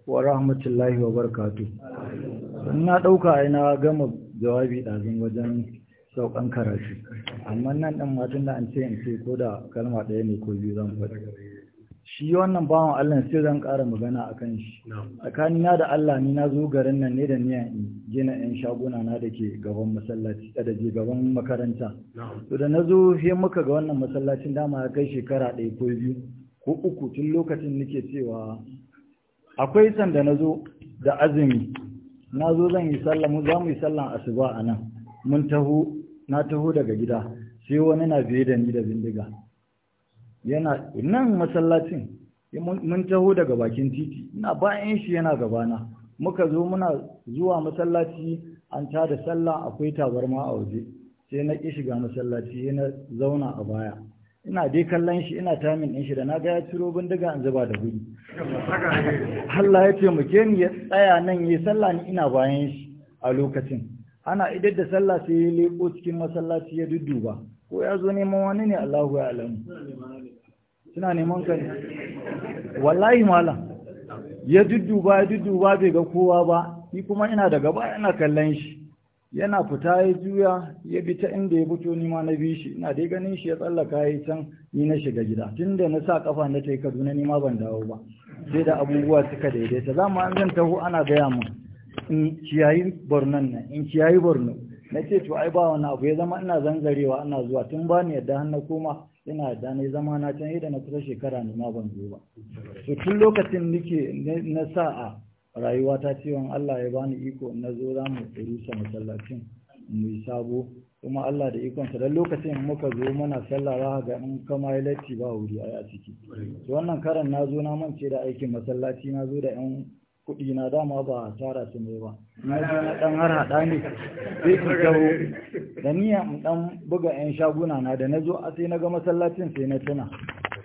ورحمة الله وبركاته ina دوكا ina gama جوابي ɗazin wajen saukan karatu amma nan ɗan matan da an ce in ce ko da kalma ɗaya ne ko biyu zan faɗi shi wannan bawan Allah sai zan ƙara magana a kan shi na da Allah ni na zo garin nan ne da niyya in gina yan shaguna na da ke gaban masallaci eh, da ke gaban makaranta to da na zo he muka ga wannan masallacin dama ya kai shekara ɗaya ko biyu ko uku tun lokacin nake cewa akwai sanda na zo da azumi na zo zan yi sallah mu za mu yi sallah asuba a nan mun taho na taho daga gida sai wani na biye da ni da bindiga yana nan masallacin mun taho daga bakin titi ina bayan shi yana gabana muka zo muna zuwa masallaci an ta da sallah akwai tabarma a waje sai na ki shiga masallaci yana zauna a baya ina dai kallon shi ina tamin din shi da na ga ya ciro bindiga an zuba da gudu Allah ya ce muke ni ya tsaya nan ya sallah ni ina bayan shi a lokacin ana idar da sallah sai ya leko cikin masallaci ya dudduba ko ya zo neman wani ne Allahu ya alamu suna neman ka ne wallahi malam ya dudduba ya dudduba bai ga kowa ba ni kuma ina da gaba ina kallon shi yana fita ya juya ya bi ta inda ya fito ni ma na bi shi ina dai ganin shi ya tsallaka ya can ni na shiga gida tunda na sa kafa na ta yi Kaduna ni ma ban dawo ba sai da abubuwa suka daidaita mu an zan taho ana gaya mun in ciyayi bornan nan in ciyayi borno na ce to ai ba wani abu ya zama ina zangarewa ana zuwa tun ba ni yadda hannu koma ina da na zama na can yadda na kusa shekara ne ma ban zo ba to tun lokacin nake na sa'a rayuwa ta wani Allah ya bani iko na zo za mu sa masallacin mu yi sabo kuma Allah da ikonsa dan lokacin muka zo muna sallah za ga in kama ya ba wuri a ciki wannan karan na zo na mance da aikin masallaci na zo da yan kuɗi na dama ba tara su ne ba na ɗan har haɗa ne sai su jawo da niyya in ɗan buga 'yan shaguna na da na zo a sai na ga masallacin sai na tuna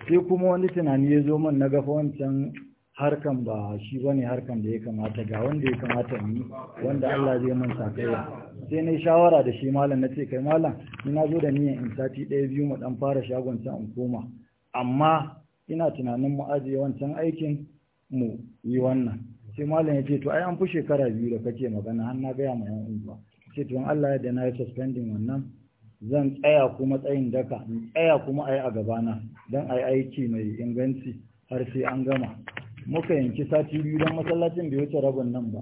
sai kuma wani tunani ya zo min na ga wancan harkan ba shi ba ne harkan da ya kamata ga wanda ya kamata ni wanda Allah zai man sakaya sai na yi shawara da shi malam na ce kai malam na zo da niyan in sati ɗaya biyu mu ɗan fara shagon can in koma amma ina tunanin mu ajiye wancan aikin mu yi wannan sai malam ya ce to ai an fi shekara biyu da kake magana har na gaya ma yan unguwa ce to Allah ya da na yi suspending wannan zan tsaya kuma tsayin daka in tsaya kuma ai a gabana don ai aiki mai inganci har sai an gama muka yanki sati biyu don masallacin bai wuce rabin nan ba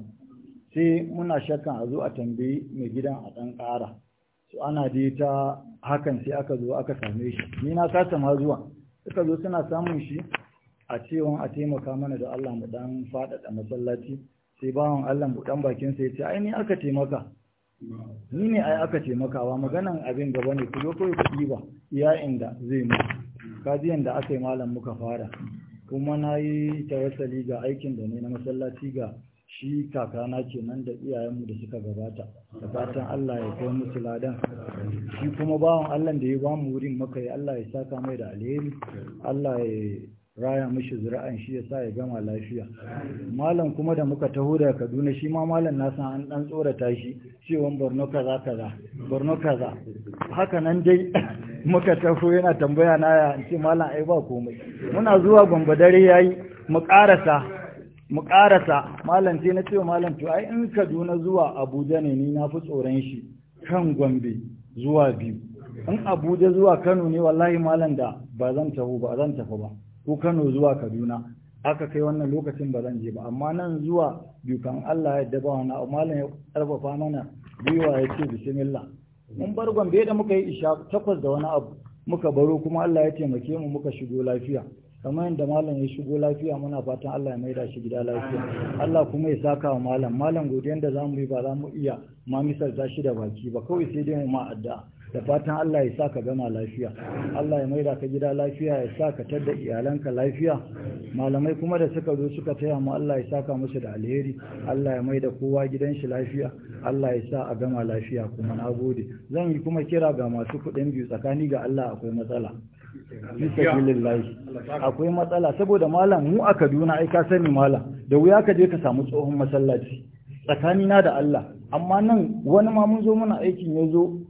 sai muna shakkan a zo a tambayi mai gidan a ɗan kara su ana dai ta hakan sai aka zo aka same shi ni na kasa ma zuwa suka zo suna samun shi a cewa a taimaka mana da Allah mu dan faɗaɗa masallaci sai bawan Allah mu dan bakin sai ce ai ni aka taimaka ni ne ai aka taimakawa maganan abin gaba ne ku zo ku yi ba ya inda zai mu ji da aka yi malam muka fara kuma na yi tawassali ga aikin da ne na masallaci ga shi kakana nan da iyayenmu da suka gabata da fatan Allah ya kai musu ladan shi kuma bawan Allah da ya ba mu wurin maka yi, Allah ya saka mai da alheri Allah ya raya mishi zura'an shi ya sa ya gama lafiya malam kuma da muka taho daga kaduna shi ma malam na san an dan tsorata shi cewan borno kaza kaza borno kaza haka nan dai muka taho yana tambaya na ya ce malam ai ba komai muna zuwa gombe dare yayi mu karasa mu karasa malam sai na ce malam to ai in kaduna zuwa abuja ne ni na fi tsoron shi kan gombe zuwa biyu in abuja zuwa kano ne wallahi malam da ba zan taho ba zan tafi ba ko Kano zuwa Kaduna aka kai wannan lokacin ba zan je ba amma nan zuwa dukan Allah ya daba wani abu malam ya karfafa mana gwiwa ya ce bismillah mun bar gombe da muka yi isha takwas da wani abu muka baro kuma Allah ya taimake mu muka shigo lafiya kamar yadda malam ya shigo lafiya muna fatan Allah ya maida shi gida lafiya Allah kuma ya saka wa malam malam godiyan da zamu yi ba za mu iya ma misal shi da baki ba kawai sai dai mu ma addu'a da fatan Allah ya sa ka gama lafiya Allah ya maida ka gida lafiya ya sa ka tadda iyalanka lafiya malamai kuma da suka zo suka taya mu Allah ya saka musu da alheri Allah ya maida kowa gidan shi lafiya Allah ya sa a gama lafiya kuma na gode zan yi kuma kira ga masu kuɗin biyu tsakani ga Allah akwai matsala akwai matsala saboda malam mu a Kaduna ai ka sani malam da wuya ka je ka samu tsohon masallaci Tsakani na da Allah amma nan wani ma mun zo muna aikin ya zo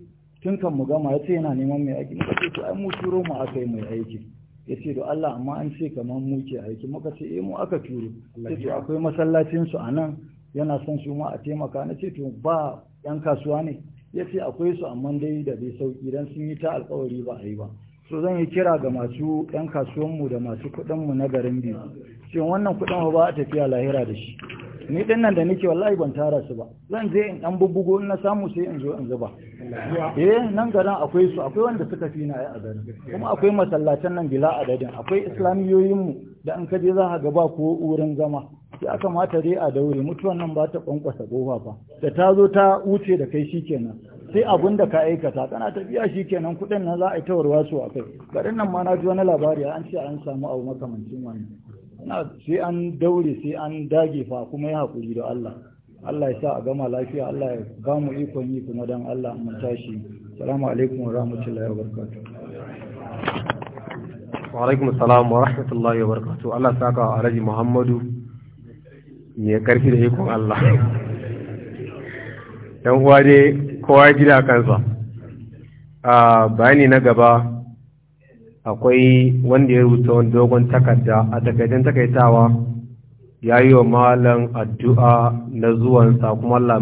tun kan mu gama ya ce yana neman mai aiki muka ce to ai mu turo mu aka yi mai aiki ya ce da Allah amma an ce kamar mu ke aiki muka ce eh mu aka turo ya ce akwai masallacin su a nan yana son su ma a taimaka na ce to ba yan kasuwa ne ya ce akwai su amma dai da bai sauki dan sun yi ta alkawari ba a yi ba so zan yi kira ga masu yan kasuwanmu da masu kuɗinmu na garin biyu ce wannan kuɗin ba a tafiya lahira da shi ni din nan da nake wallahi ban tara su ba zan je in dan bubbugo in na samu sai in zo in zuba eh nan garin akwai su akwai wanda suka fi na a garin kuma akwai masallacin nan bila adadin akwai islamiyoyin mu da an kaje za ka gaba ko wurin zama ya kamata dai a daure mutuwan nan ba ta kwankwasa gofa ba da ta zo ta wuce da kai shikenan sai abun da ka aikata kana tafiya shikenan kuɗin nan za a yi tawarwa su akai kai garin nan ma na ji wani labari an ce an samu abu makamancin wannan sai an daure sai an dage fa kuma ya haƙuri da Allah Allah ya sa a gama lafiya Allah ya gamu ikon yi kuma don Allah mu tashi salamu alaikum wa rahmatullahi wa barakatuh wa alaikum assalam wa rahmatullahi wa barakatuh Allah ya saka wa Alhaji Muhammadu ya karfi da ikon Allah dan uwa dai kowa gida kansa a ah, bayani na gaba akwai wanda ya rubuta wani dogon takarda a takaitan takaitawa ya yi wa malam addu'a na zuwansa kuma Allah